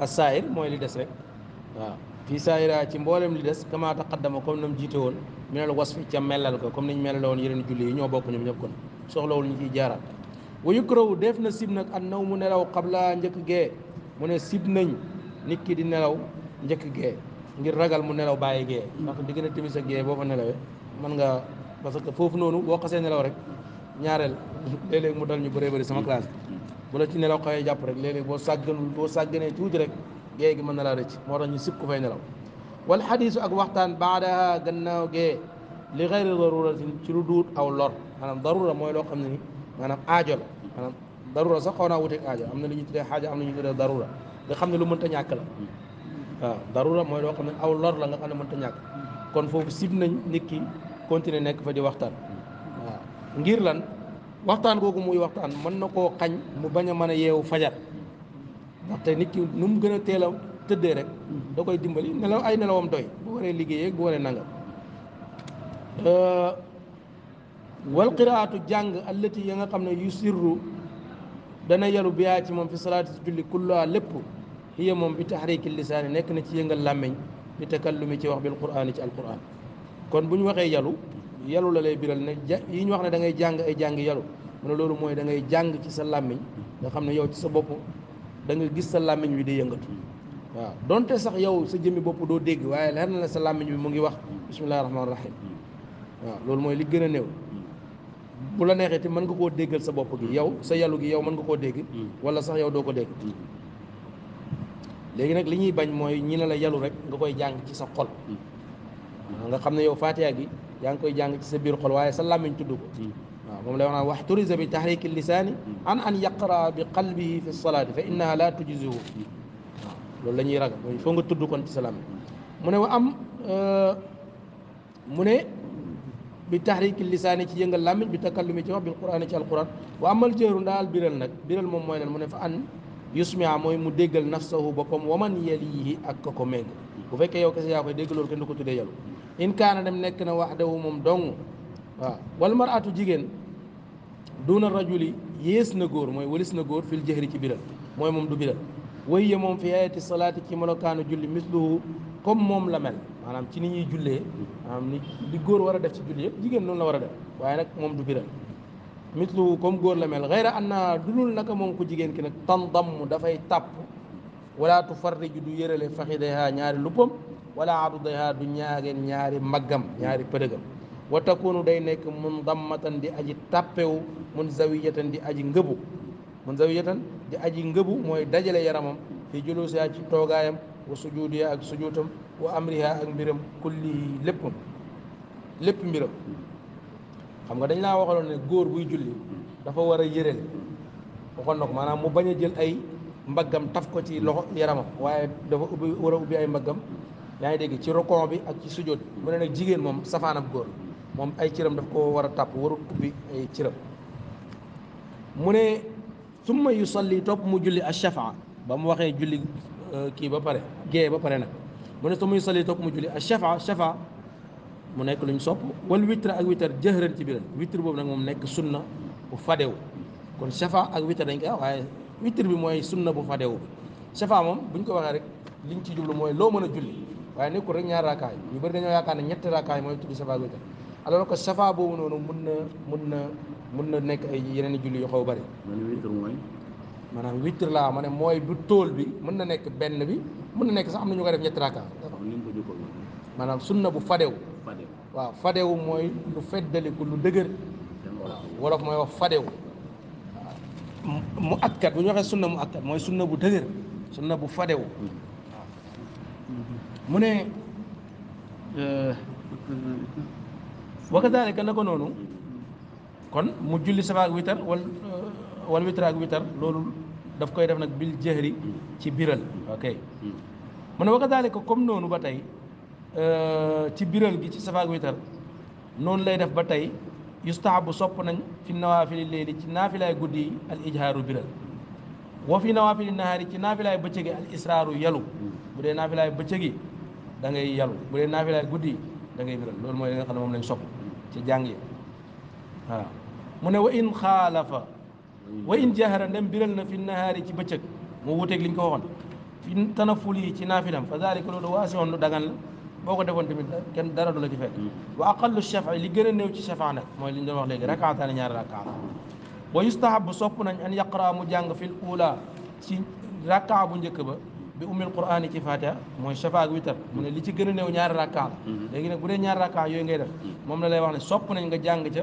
a saayir mooy li des rek waaw fii ci mbooleem li des kama taqaddama comme nam jiite woon minel wasfi ca mellal ko comme niñ mellal woon yeneen julli yi ñoo bokk ñoom ñëpp kon soxlawul ñu ciy jaaraat wa yukrahu def na sib nag an naw mu nelaw xablaa njëkk gee mu ne sib nañ nit ki di nelaw njëkk gee ngir ragal mu nelaw bàyyi gée ndax diggante timis sa gée boo fa nelawee mën nga parce que foofu noonu boo xasee nelaw rek ñaareel léeg mu dal ñu bëree bëri sama classe bu la ci nelaw xawee jàpp rek léeg boo sàgganul boo sàgganee tuuti rek gée gi mën na laa rëcc moo tax ñu sib ku fay nelaw wal xadiisu ak waxtaan baadaha gannaaw gée li xayri daruratin ci lu duut aw lor maanaam darura mooy loo xam ne ni maanaam aajo la maanaam darura sax xaw naa wuteeg aajo am na lu ñu tuddee aajo am na ñu tuddee darura nga xam ne ñàkk la waaw darura mooy loo xam ne aw lor la nga xam ne mënta ñàkk kon foofu sib nañ nit ki continuer nekk fa di waxtaan waaw ngir lan waxtaan kooku muy waxtaan mën na koo xañ mu bañ a mën a yeewu fajar ndaxte nit ki nu mu gën a teelaw tëddee rek da koy dimbali nelaw ay nelawam doy bu waree liggéeyee bu waree nangam wal qiraatu jàng allati ya nga xam ne yu sirru dana yaru biyaa ci moom fi salaati julli kullaa lépp hiya moom bi taxriki lisaani nekk na ci yëngal làmmiñ bi takallumi ci wax bil quraan ci alquran kon bu ñu waxee yalu yalu la lay biral ne yi ñu wax ne da ngay jàng ay jàng yalu mu ne loolu mooy da ngay jàng ci sa làmmiñ nga xam ne yow ci sa bopp da nga gis sa làmmiñ wi di yëngatu waaw donte sax yow sa jëmmi bopp doo dégg waaye leer na la sa làmmiñ bi mu ngi wax bismillahi rahmaani rahim waaw loolu mooy li gën a néew bu la neexee te mën nga koo déggal sa bopp gi yow sa yalu gi yow mën nga koo dégg mm. wala sax yow doo ko dégg mm. léegi nag li ñuy bañ mooy ñi ne la yalu rek nga koy jàng ci sa xol nga xam ne yow fatiha gi yaa ngi koy jàng ci sa biir xol waaye sa làmmiñ tudd ko waaw moom lay wax naan waxturisa bi tahriki lisaani an an yaqra bi qalbihi fi salaati fa innaha la tujizuhu waaw loolu la ñuy ragal mooy foo nga tudd kon ci sa làmmiñ mu ne wa am mu ne bi tahriki lisaani ci yëngal làmmiñ bi takallumi ci wax bil quraan ci alquran wa amal jëru ndaal biral nag biral moom mooy lan mu ne fa an yusmia mooy mu déggal nafsahu boppam waman yalihi ak ko ko méng bu fekkee yow kese yaa koy dégg loolu kenn du ko tuddee yalu in kaana dem nekk na waxdahu moom dong waaw wal maratu jigéen duna rajuli yées na góor mooy walis na góor fil jëhri ci biral mooy moom du biral way ya moom fi ayati salaati ci melokaanu julli misluhu comme moom la mel manaam ci ni ñuy jullee maanaam ni góor war a def ci julli yëpp jigéen noonu la war a def waaye nag moom du biral مثل كم غور لمال غير أن دلول نك موم كو جيجين كي نك تنضم دا فاي تاب ولا تفرج دو يرل فخذها نياري لوبم ولا عرضها دنيا غين نياري ماغام نياري بيرغام وتكون داي نيك منضمتان دي ادي تابيو منزويتان دي ادي نغبو منزويتان دي ادي نغبو موي داجال يرامم في جلوسها سي توغايم وسجودها اك سجوتم وامرها اك ميرم كلي ليبم ليب ميرم xam nga dañ laa waxaloon ne góor buy julli dafa war a yëreel waxoon na maanaam mu bañ a jël ay mbaggam taf ko ci loxo yaramam waaye dafa ubbi war a ubbi ay mbaggam yaa ngi dégg ci rokon bi ak ci sujjóot mu ne nag jigéen moom safaanab góor moom ay cëram daf ko war a tàpp warut ubbi ay cëram mu ne summa yusalli topp mu julli ashafaa ba mu waxee julli euh, kii ba pare gée ba pare nag mu ne summa yusalli topp mu julli ashafaa shafaa mu nekk luñ sopp wal witre ak witre jëxëran ci biral witre boobu nag moom nekk sunna bu fadew kon shafa ak witre dañ koy wax waaye witre bi mooy sunna bu fadew bi shafa moom buñ ko waxee rek liñ ci jublu mooy loo mën a julli waaye nekkul rek ñaar raakaay ñu bëri dañoo yaakaar ne ñetti raakaay mooy tudd shafa ak witre alors que shafa boobu noonu mun na mun na mun na nekk ay yeneen i julli yu xaw bëri maanaam witre laa ma ne mooy bu tóol bi mën na nekk benn bi mën na nekk sax am na ñu ko def ñetti raakaay maanaam sunna bu fadew waaw fadewu mooy lu feddaliku lu dëgër waaw wolof mooy wax fadewu mu akkat bu ñu waxee sunna mu akkat mooy sunna bu dëgër sunna bu fadewu mu ne eh, wa kadalika na ko noonu kon mu julli safa witar wal wal witar witar loolu daf koy def nag bil jahri ci biral ok mu ne wa kadalika comme noonu ba tey Euh, ci biral gi ci safaak witar noonu lay def ba tey yustahabu sopp nañ fi nawaafili léeli ci naafilaay guddi yi al ijhaaru biral wa fi ci naafilaay bëccëgi al israaru yalu bu dee naafilaay bëccëgi da ngay yalu bu dee naafilaay guddi yi da biral loolu mooy li nga xam ne sopp ci jàng yi waaw mu ne wa in xaalafa wa in jahara ndem biral na fi nahaari ci bëccëg mu wuteeg liñ ko waxoon fi tanaful ci naafilam fa zalika loolu waasi woon lu dagan boo ko defoon tamit kenn dara du a ci fekk mm. wa aqallu li gën a néew ci shafa mooy li ñu wax léegi rakaataani ñaari rakaa wa yustahabu sopp nañ an yaqra mu jàng fil ula ci rakaa njëkk ba bi ummil ci fatiha mooy shafa mu ne li ci gën a néew ñaari rakaa mm-hmm. léegi nag bu dee ñaari rakaa yooyu ngay def mm. moom la lay wax ne sopp nañ nga jàng ca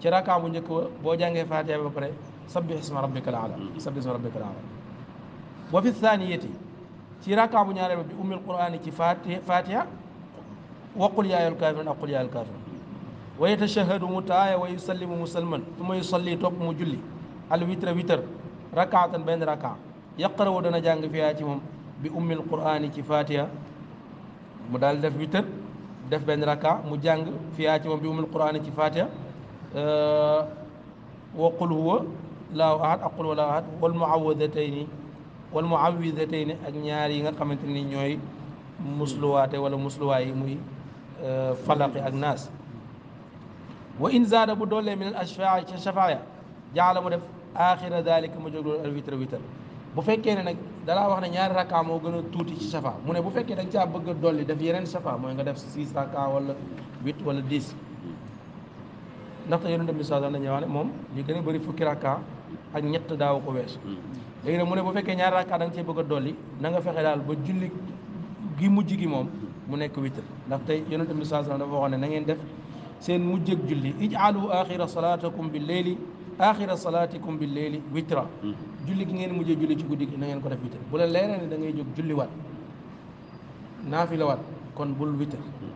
ci rakaa bu njëkk ba boo jàngee fatiha ba pare sabbih isma rabbikal ala mm-hmm. sabbih isma rabbikal ala wa fi thaniyati ci rakaa bu ñaareel ba bi ummil quraan ci fatiha وقل يا أيها الكافرون أقول يا أيها الكافرون ويتشهد متعايا ويسلم مسلما ثم يصلي توب مجلي الوتر وتر ركعة بين ركعة يقرأ ودنا جانغ في آياتهم بأم القرآن كفاتها مدال دف وتر دف بين ركعة مجانغ في آياتهم بأم القرآن كفاتها أه وقل هو لا أحد أقول ولا أحد والمعوذتين والمعوذتين أجناري غير خمنتني نيوي مسلوات ولا مسلواي موي falaqi ak naas wa in zaada bu doolee min al ashfaa ca shafaaya jaala mu def axira dalika mu jóg loolu al witre witre bu fekkee ne nag dalaa wax ne ñaari rakka moo gën a tuuti ci shafa mu ne bu fekkee da nga caa bëgg a dolli def yeneen shafa mooy nga def six rakka wala huit wala dix ndaxte yonente bi saa dañuy wax ne moom li gën a bëri fukki rakka ak ñett daaw ko wees léegi nag mu ne bu fekkee ñaari rakka da nga cee bëgg a dolli na nga fexe daal ba julli gi mujj gi moom mu nekk witr ndax tey yonent bi saa dafa waxoon ne na ngeen def seen mujjëg julli ijaalu axira salaatakum bil leyli axira salaatikum bil leyli witra hmm. julli ki ngeen mujjee julli ci guddi gi na ngeen ko def witr bu la leeree ne da ngay jóg julli waat naafila waat kon bul witr hmm.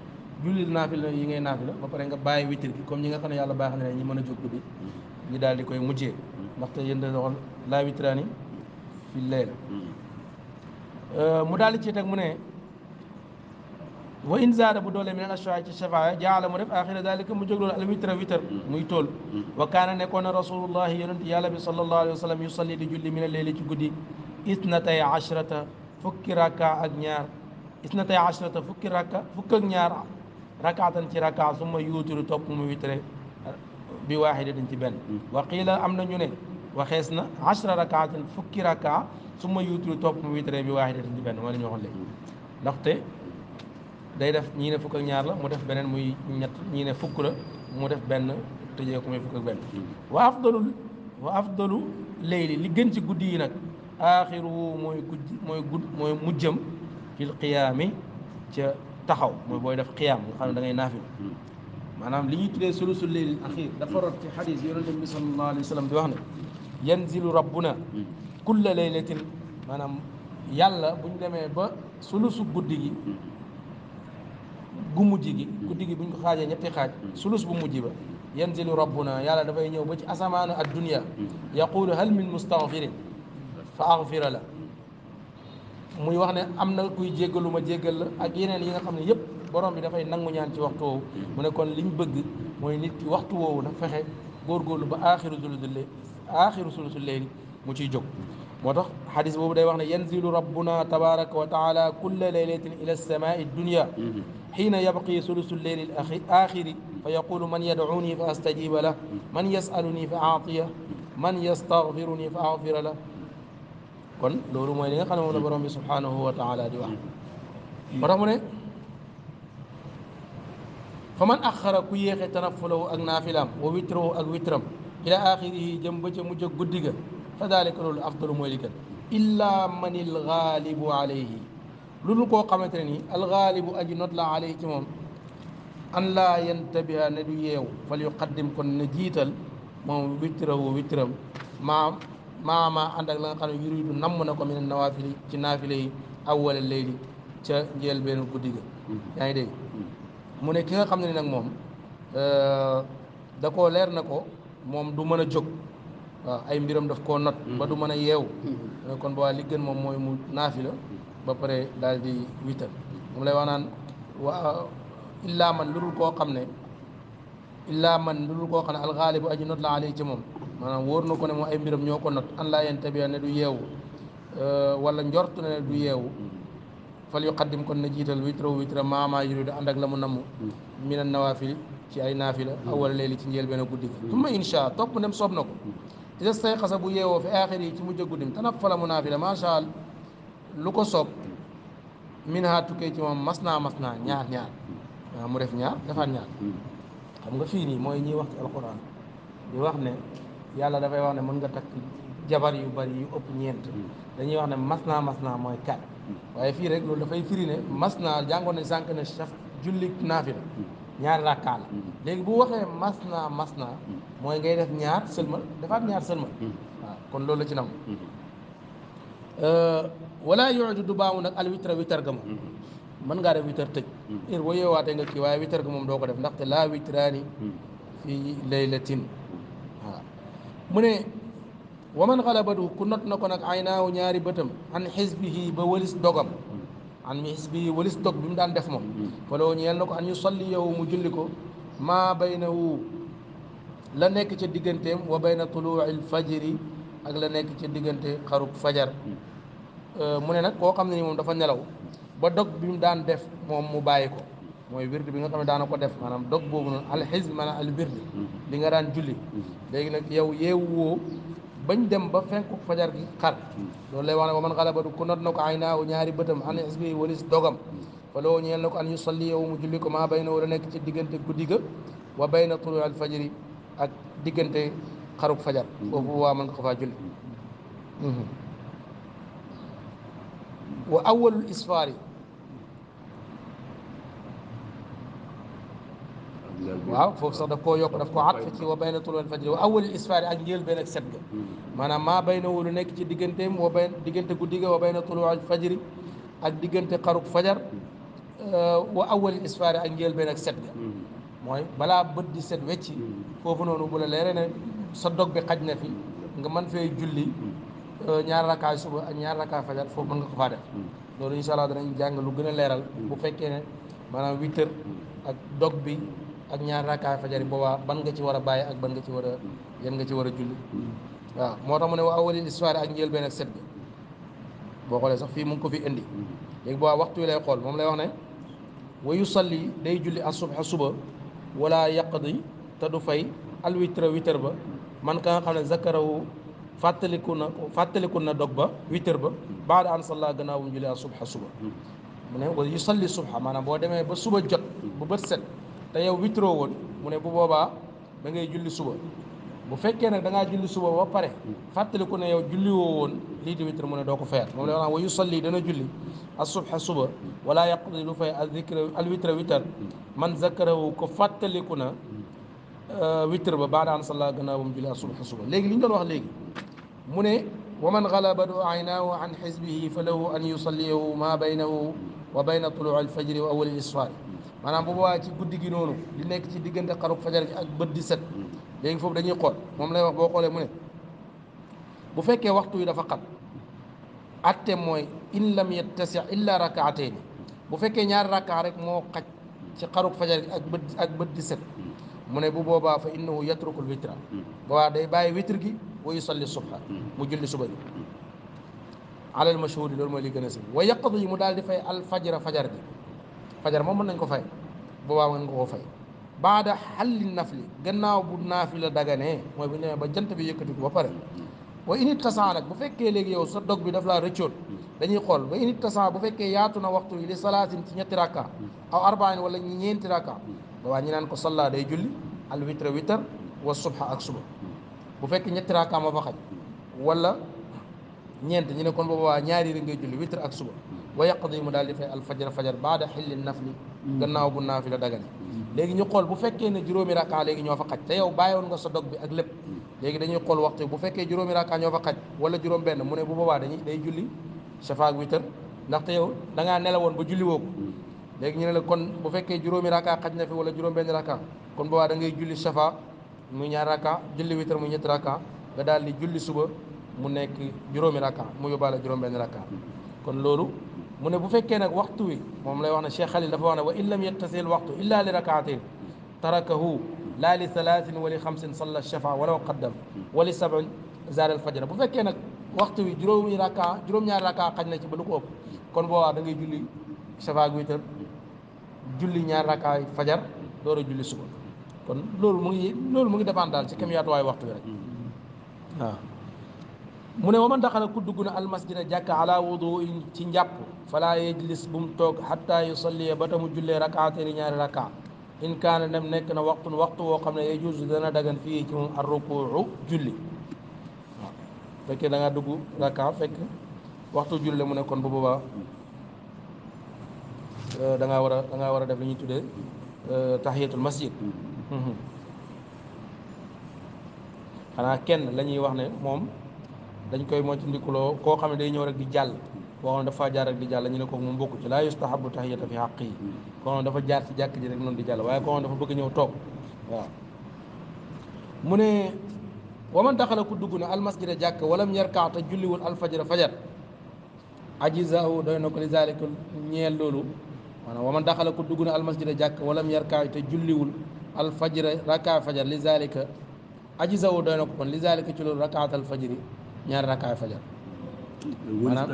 julli naafila yi ngay naafila ba pare nga bàyyi witr ki comme ñi nga xam ne yàlla baax na ñi mën a jóg guddi hmm. ñu daal di koy mujjee ndaxte yéen da doxal laa witraani fi leyla euh, mu daal di ci teg mu ne wa in zaada bu doole mi neen ashoa ci shafaa jaala mu def axira dalika mu jóg loolu al witra witar muy tool wa kaana nekkoon na rasulullahi yonent yàlla bi sallallahu alayhi wa sallam yusalli di julli mina leeli ci guddi isnatay ashrata fukki rakka ak ñaar isnatay ashrata fukki rakka fukk ak ñaar rakaatan ci rakka summa yuutiru topp mu witre bi waaxida dañ ci benn wa qiila am na ñu ne waxees na ashra rakaatan fukki rakka summa yuutiru topp mu witre bi waaxida dañ ci benn moo la ñu waxoon léegi ndaxte day def ñi ne fukk ak ñaar la mu def beneen muy ñett ñi ne fukk la mu def benn tëjee ko muy fukk ak benn wa afdalu wa afdalu leyli li gën ci guddi yi nag aaxiru mooy gudd mooy gudd mooy mujjam fil qiyaami ca taxaw mooy booy def qiyaam nga xam ne da ngay naafil maanaam li ñuy tuddee solusul leylil axir dafa rot ci xadis yonente bi sallallahu alayhi wa sallam di wax ne yanzilu rabbuna kulla laylatin maanaam yàlla bu ñu demee ba sulusu guddi gi gumujigi gudigi gi guddi buñ ko xaajee ñetti xaaj sulus bu mujj yanzilu rabbuna yàlla dafay ñëw ba ci asamaanu addunia yaqulu hal min mustaghfirin fa aghfira la muy wax ne am na kuy jéggalu ma jéggal la ak yeneen yi nga xam ne yëpp borom bi dafay nangu ñaan ci waxtu woowu mu ne kon liñ bëgg mooy nit ki waxtu woowu na fexe góorgóorlu ba aaxiru sulusul aaxiru sulusul mu ciy jóg moo tax xadis boobu day wax ne yanzilu rabbuna tabaraka wa taala kulla laylatin ila alsamaai dunia حين يبقي ثلث الليل الآخر فيقول من يدعوني فأستجيب له من يسألني فأعطيه من يستغفرني فأغفر له كن لولو ما يلينا خلوه نبرمي سبحانه وتعالى دي واحد مرحبا فمن أخر كيه تنفله أغنافلا ووتره أغوترم إلى آخره جنبجة مجد قدقة فذلك الأفضل مويلكا إلا من الغالب عليه لولو كو خامتيني الغالب اجي نوت لا عليك موم ان لا ينتبه ندو ييو فليقدم كون نجيتال موم ويترو ويترم ما ما ما عندك لا خانو يريد نم نكو من النوافل تي نافلي اول الليل تا نيل بين غوديغا ياي يعني دي مو نه كيغا خامتيني نك موم ا آه، داكو لير نكو موم دو مانا جوك واه اي ميرم داف كو نوت با دو مانا ييو كون بو لي گن موم موي مو نافله ba pare daal di witar moom lay wanan naan man lu dul koo xam ne illaa man lu dul koo xam ne alxaalibu aji not la alay ci moom maanaam wóor na ko ne moom ay mbiram ñoo ko not an laa yeen tabiya ne du yeewu wala njort ne du yeewu fal yu kon na jiital witra witra maamaa yuridu ànd ak la mu namm minan nawaafil ci ay naafila awal leeli ci njëlbeen a guddi gi summa insha topp nem soob na ko isa say bu yeewoo fi aaxir ci mujj a guddim tanaf fala mu naafila lu ko soob min haa tukkee ci moom mas naa mas naa ñaar ñaar waaw mu def ñaar defaat ñaar xam nga fii nii mooy ñiy wax ci alxuraan ñu wax ne yàlla dafay wax ne mën nga takk jabar yu bari yu ëpp ñeent dañuy wax ne mas naa mas naa mooy kar waaye fii rek loolu dafay firi ne mas naa jàngoon nañ sànq ne chef julli naafila ñaari rakkaa la léegi bu waxee mas naa mas naa mooy ngay def ñaar sëlmal defaat ñaar sëlmal waaw kon loolu la ci nam Euh, wala yooju du baamu nag al witra witar ga moom mm-hmm. mën ngaa def witar tëj ir mm-hmm. boo yeewaatee nga kii waaye witar ga moom doo ko def ndaxte laa witraani mm-hmm. fii laylatin waaw mu ne wa man xalabatu ku not na ko nag aynaahu ñaari bëtam an xisbihi ba walis dogam an xisbihi walis dog bi mu daan def moom faloo ñeel na ko an yusalli yow mu julli ko maa baynahu la nekk ca digganteem wa bayna tuluuci alfajri ak la nekk ci diggante xarub fajar euh, mu ne nag koo xam ne ni moom dafa nelaw ba dog bi mu daan def moom mu bàyyi ko mooy wird bi nga xam ne daana ko def maanaam dog boobu noonu alxisb maanaam al wird mm-hmm. li nga daan julli mm-hmm. léegi nag yow yeewu woo dem ba fenku fajar gi xar mm-hmm. loolu lay wax wa man xalabatu ku not na ko ay naaw ñaari bëtam an isbi walis dogam fa loo ñeel na ko an yusalli yow mu julli ko maa bay na wala nekk ci diggante guddi ga wa bay na tulu al fajri ak diggante خروب فجر وهو من قفاجل وأول الإسفار واو فوق صدق كو يوك دافكو عط فتي وبين طول الفجر واول الاسفار اك نيل بين اك سبغ مانا ما بين ولو نيك سي ديغنتيم وبين ديغنت غوديغا وبين طول الفجر اك ديغنت قرق فجر آه، واول الاسفار اك نيل بين موي بلا بد سيت ويتي فوفو نونو بولا ليرنا sa dog bi xaj na fi nga man fee julli euh, ñaar rakkaay suba ak ñaar rakkaay fajar foofu mën nga ko faa def loolu incha allah danañ jàng lu gën a leeral bu fekkee ne maanaam huit ak dog bi ak ñaar rakkaay fajar yi boobaa ban nga ci war a bàyyi ak ban nga ci war a yan nga ci war a julli waaw moo tax mu ne wa awalil histoire ak njëlbeen ak set bi boo xoolee sax fii mu ngi ko fi indi léegi boobaa waxtu wi lay xool moom lay wax ne wayu salli day julli asubha suba wala yaqdi te du fay al witra ba man ka nga xam ne zakarawu fàttaliku na fàttaliku na dog ba huit heures ba baada an salla gannaaw bu ñu jullee subha suba mu ne wala yu salli subha maanaam boo demee ba suba jot bu bët set te yow witroo woon mu ne bu boobaa da ngay julli suba bu fekkee nag da ngaa julli suba ba pare fàttaliku ne yow julli woo woon lii di witr mu ne doo ko fayat moom wa yu dana julli asubha suba wala yaqdi lu fay al dikra al witra witar witr ba baada an salla gannaaw ba mu julli suba suba léegi li ñu doon wax léegi mu ne wa galaba du aynaahu an xisbihi fa an yusalliyahu ma baynahu wa bayna tuluci alfajri wa awali lisfaar maanaam bu boobaa ci guddi gi noonu li nekk ci diggante xaruk fajar gi ak bët di set léegi foofu dañuy xool moom lay wax boo xoolee mu ne bu fekkee waxtu yi dafa xat atte mooy in lam yattasi illa rakaatayni bu fekkee ñaari rakaa rek moo xaj ci xaruk fajar ak bët ak bët di set mu ne bu boobaa fa innahu yatrukul witra boobaa day bàyyi witre gi wa yusalli subha mu julli suba gi alal mashhuri loolu mooy li gën a si wa yaqadu yi mu daal di fay al fajra fajar bi fajar moom mën nañ ko fay boobaa mën nga koo fay baada xalli nafli gannaaw bu naafi la daganee mooy bu ñëwee ba jant bi yëkkatiku ba pare wa init tasaa nag bu fekkee léegi yow sa dog bi daf laa rëccoon dañuy xool wa init tasaa bu fekkee yaatu na waxtu yi li salaatin ci ñetti rakka aw arbaain wala ñeenti rakka ba waa ñi ko salla day julli al witra witar wa subha ak suba bu fekk ñetti raakaama fa xaj wala ñeent ñu ne kon booba waa ñaari rek ngay julli witar ak suba wa yaqdi mu daal di al fajar fajar baada xilli nafli gannaaw bu naafila dagane léegi ñu xool bu fekkee ne juróomi raakaa léegi ñoo fa xaj te yow bàyyoon nga sa dog bi ak lépp léegi dañuy xool waxtu bu fekkee juróomi raakaa ñoo fa xaj wala juróom benn mu ne bu boobaa dañuy day julli shafaak witar ndaxte yow da ngaa nelawoon ba julli léegi ñu ne la kon bu fekkee juróomi raka xaj na fi wala juróom benn raka kon boo da ngay julli safa muy ñaar raka julli witar mu ñetti raka nga daal di julli suba mu nekk juróomi raka mu yóbbaale juróom benn rakka kon loolu mu ne bu fekkee nag waxtu wi moom lay wax ne Cheikh Khalil dafa wax ne wa in lam yettasil waxtu illa li rakaatin tarakahu laa li salaatin wali xamsin salla shafa walaw qaddam wali sabin zaadal fajra bu fekkee nag waxtu wi juróomi raka juróom-ñaari raka xaj na ci ba lu kon boobaa da ngay safa gu itam julli ñaar rakkaay fajar door a julli suba kon loolu mu ngi loolu mu ngi dépendre daal ci kam yaatuwaay waxtu bi rek waaw ah. mu ne wa man daxala ku dugg na almasjida jàkk ala wudu ci njàpp fala yajlis bu mu toog xatta yusalliya ba tamu jullee rakaateeni ñaari rakaa in kaana dem nek na waxtun waxtu woo xam ne yajuusu dana dagan fi ci moom ar rukuucu julli waaw fekkee da nga dugg rakaa fekk waxtu julli mu ne kon bu boobaa Euh, da ngaa war a da war a def li ñuy tuddee euh, tahiyatul masjid mm-hmm. xanaa kenn la ñuy wax ne moom dañ koy moytandikuloo koo xam ne day ñëw rek di jàll koo xam ne dafa jaar ñu ne ko moom bokku ci laa yustahabu tahiyata fi xàq yi jàkk ji rek noonu di jàll waaye koo xam ne dafa bëgg ñëw toog mu ne waman daxala ku dugg na almasjida jàkk walam yarkaa te julliwul alfajara fajar ajizahu doy na ko ñeel loolu maanaam waman daxala ku dugg na almasjida jàkk walam yarkaaw te julliwul alfajra rakka fajar li zalika aji sawo doy na ko kon li zalika ci loolu rakaatal fajri ñaari rakkaay fajar maanaam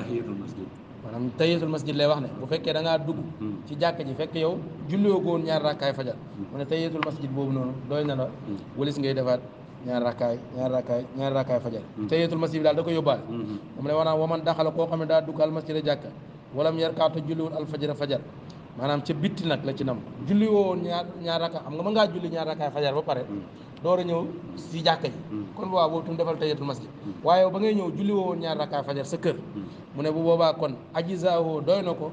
maanaam tahiyatul masjid lay wax ne bu fekkee da ngaa dugg ci jàkk ji fekk yow julliwoo ko woon ñaari rakkaay fajar mu ne tahiyatul masjid boobu noonu doy na la walis ngay defaat ñaari rakkaay ñaari rakkaay ñaari rakkaay fajar tahiyatul masjid bi daal da ko yóbbaale dama ne wanaam waman daxala koo xam ne daa dugg almasjida jàkka walam yarkaa te julliwul alfajra fajar maanaam ca bitti nag la ci nam julli woon ñaar ñaar raka xam nga mën ngaa julli ñaar raka fajar ba pare hmm. door a ñëw si jàkka ji hmm. kon waa boobu tam defal tayatul masjid hmm. waaye ba ngay ñëw julli woon ñaar raka fajar sa kër mu bu boobaa kon ajizaahu doy na ko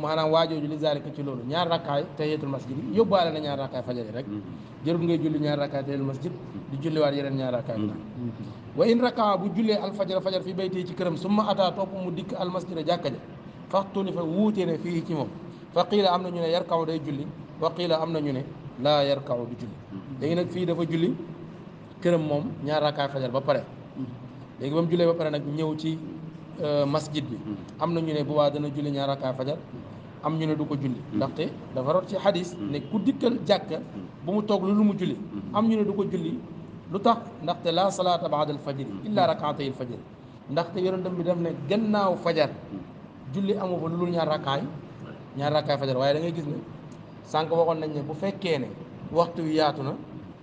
maanaam waajooju li zalika ci loolu ñaar rakkaay tahiyatul masjid yi yóbbaale na ñaar rakkaay fajar yi rek jërul ngay julli ñaar rakkaay tahiyatul masjid di julliwaat yeneen ñaar rakkaay wa in rakkaa bu jullee alfajara fajar fi baytee ci këram summa ataa topp mu dikk almasjida jàkka ja fa wuutee ne fii ci moom fa qiila am na ñu ne yarkaw day julli wa qiila am na ñu ne laa yarkaw du julli léegi nag fii dafa julli këram moom ñaar rakkaay fajar ba pare léegi ba mu jullee ba pare nag ñëw ci masjid bi am na ñu ne bu waa dana julli ñaar rakkaay fajar am ñu ne du ko julli ndaxte dafa rot ci xadis ne ku dikkal jàkka bu mu toog lu lu mu julli am ñu ne du ko julli lu tax ndaxte laa salaata baada alfajiri illa rakaatay alfajiri ndaxte yonent bi daf ne gannaaw fajar julli amu fa lu ñaar rakkaay ñaari rakkaay fajar waaye da ngay gis ne sànq waxoon nañ ne bu fekkee ne waxtu wi yaatu na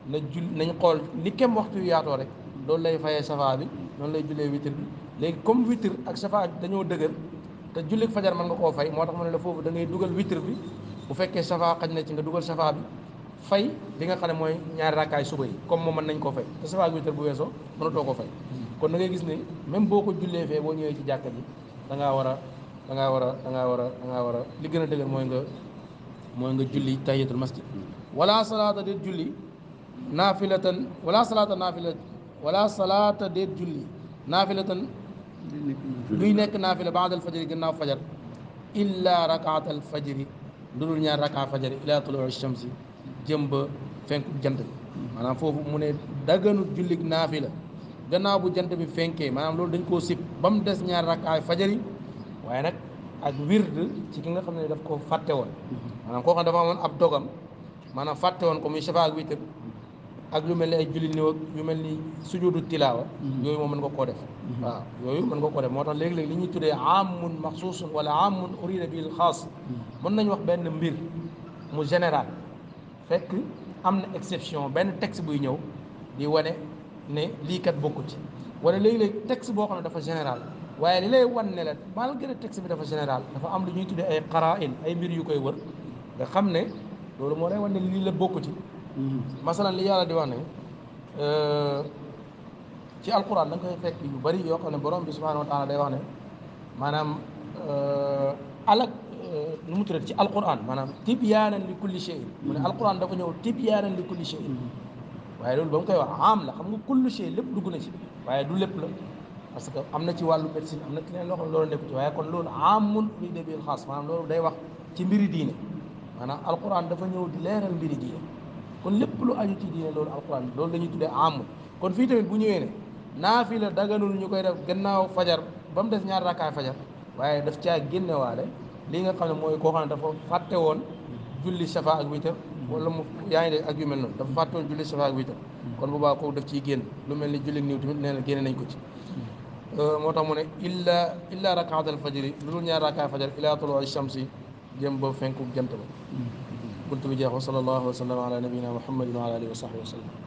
na jul nañ xool ni kem waxtu wi yaatoo rek loolu lay fayee safaa bi noonu lay jullee witir bi léegi comme witir ak safaa bi dañoo dëgër te jullik fajar mën nga koo fay moo tax ma ne la foofu da ngay dugal witir bi bu fekkee safaa xaj na ci nga dugal safaa bi fay li nga xam ne mooy ñaari rakkaay suba yi comme moom mën nañ koo fay te safaa ak witir bu weesoo mënatoo koo fay kon da ngay gis ne même boo ko jullee fee boo ñëwee ci jàkka ji da ngaa war a da ngaa war a da ngaa war a da ngaa war a li gën a dëgër mooy nga mooy nga julli tahiyatul masjid wala salaata déet julli naafilatan wala salaata naafila wala salaata déet julli naafilatan luy nekk naafila baada alfajari gannaaw fajar illa rakaat alfajari lu dul ñaar rakaa rakaat fajari ila tuluu shamsi jëm ba fenk jant bi maanaam foofu mu ne daganut jullik naafila gannaaw bu jant bi fenkee maanaam loolu dañ koo sib ba mu des ñaar fajar yi waaye nag ak wird ci ki nga xam ne daf ko fàtte woon maanaam koo xam dafa ab dogam maanaam fàtte woon ko muy shafa ak witr ak yu mel ni ay julli niw yu mel ni sujudu tilaawa yooyu moom mën nga koo def waaw yooyu mën nga koo def moo tax léegi-léegi li ñuy tuddee amun maxsuusun wala amun urida bil xaas mën nañ wax benn mbir mu général fekk am na exception benn texte buy ñëw di wane ne liikat kat bokku ci wala léegi-léegi texte boo xam ne dafa général waaye li lay wan ne la malgré texte bi dafa général dafa am lu ñuy tuddee ay qara'in ay mbir yu koy wër nga xam ne loolu moo lay wan ne lii la bokk ci masalan li yàlla di wax ne ci alquran da nga koy fekk yu bari yoo xam ne borom bi subhanahu wa taala day wax ne maanaam alak nu mu tuddee ci alquran maanaam tibyaanan li kulli shay mu ne alquran dafa ñëw tibyaanan li kulli shay waaye loolu ba mu koy wax am la xam nga kulli shay lépp dugg na ci waaye du lépp la parce que am na ci wàllu médecine am na ci leen loo loolu nekku ci waaye kon loolu amun luy débil xaas maanaam loolu day wax ci mbiri diine maanaam alquran dafa ñëw leeral mbiri diine kon lépp lu aju ci diine loolu alquran loolu la ñuy tuddee amun kon fii tamit bu ñëwee ne naafila lu ñu koy def gannaaw fajar ba mu des ñaari rakkaay fajar waaye daf caa génnewaale lii nga xam ne mooy koo xam ne dafa fàtte woon julli safa ak witar wala mu yaa ngi ak yu mel noonu dafa fàtte woon julli safa ak kon bu baax kooku daf génn lu mel ni julli niw tamit nañ ko ci moo tax mu ne illa illa rakaat al fajri lu dul ñaar rakaat fajar ila tulu shamsi jëm ba fenku jant ba bunt bi jeex wa sallallahu wa sallam ala nabiyina muhammadin wa ala alihi wa sahbihi wa sallam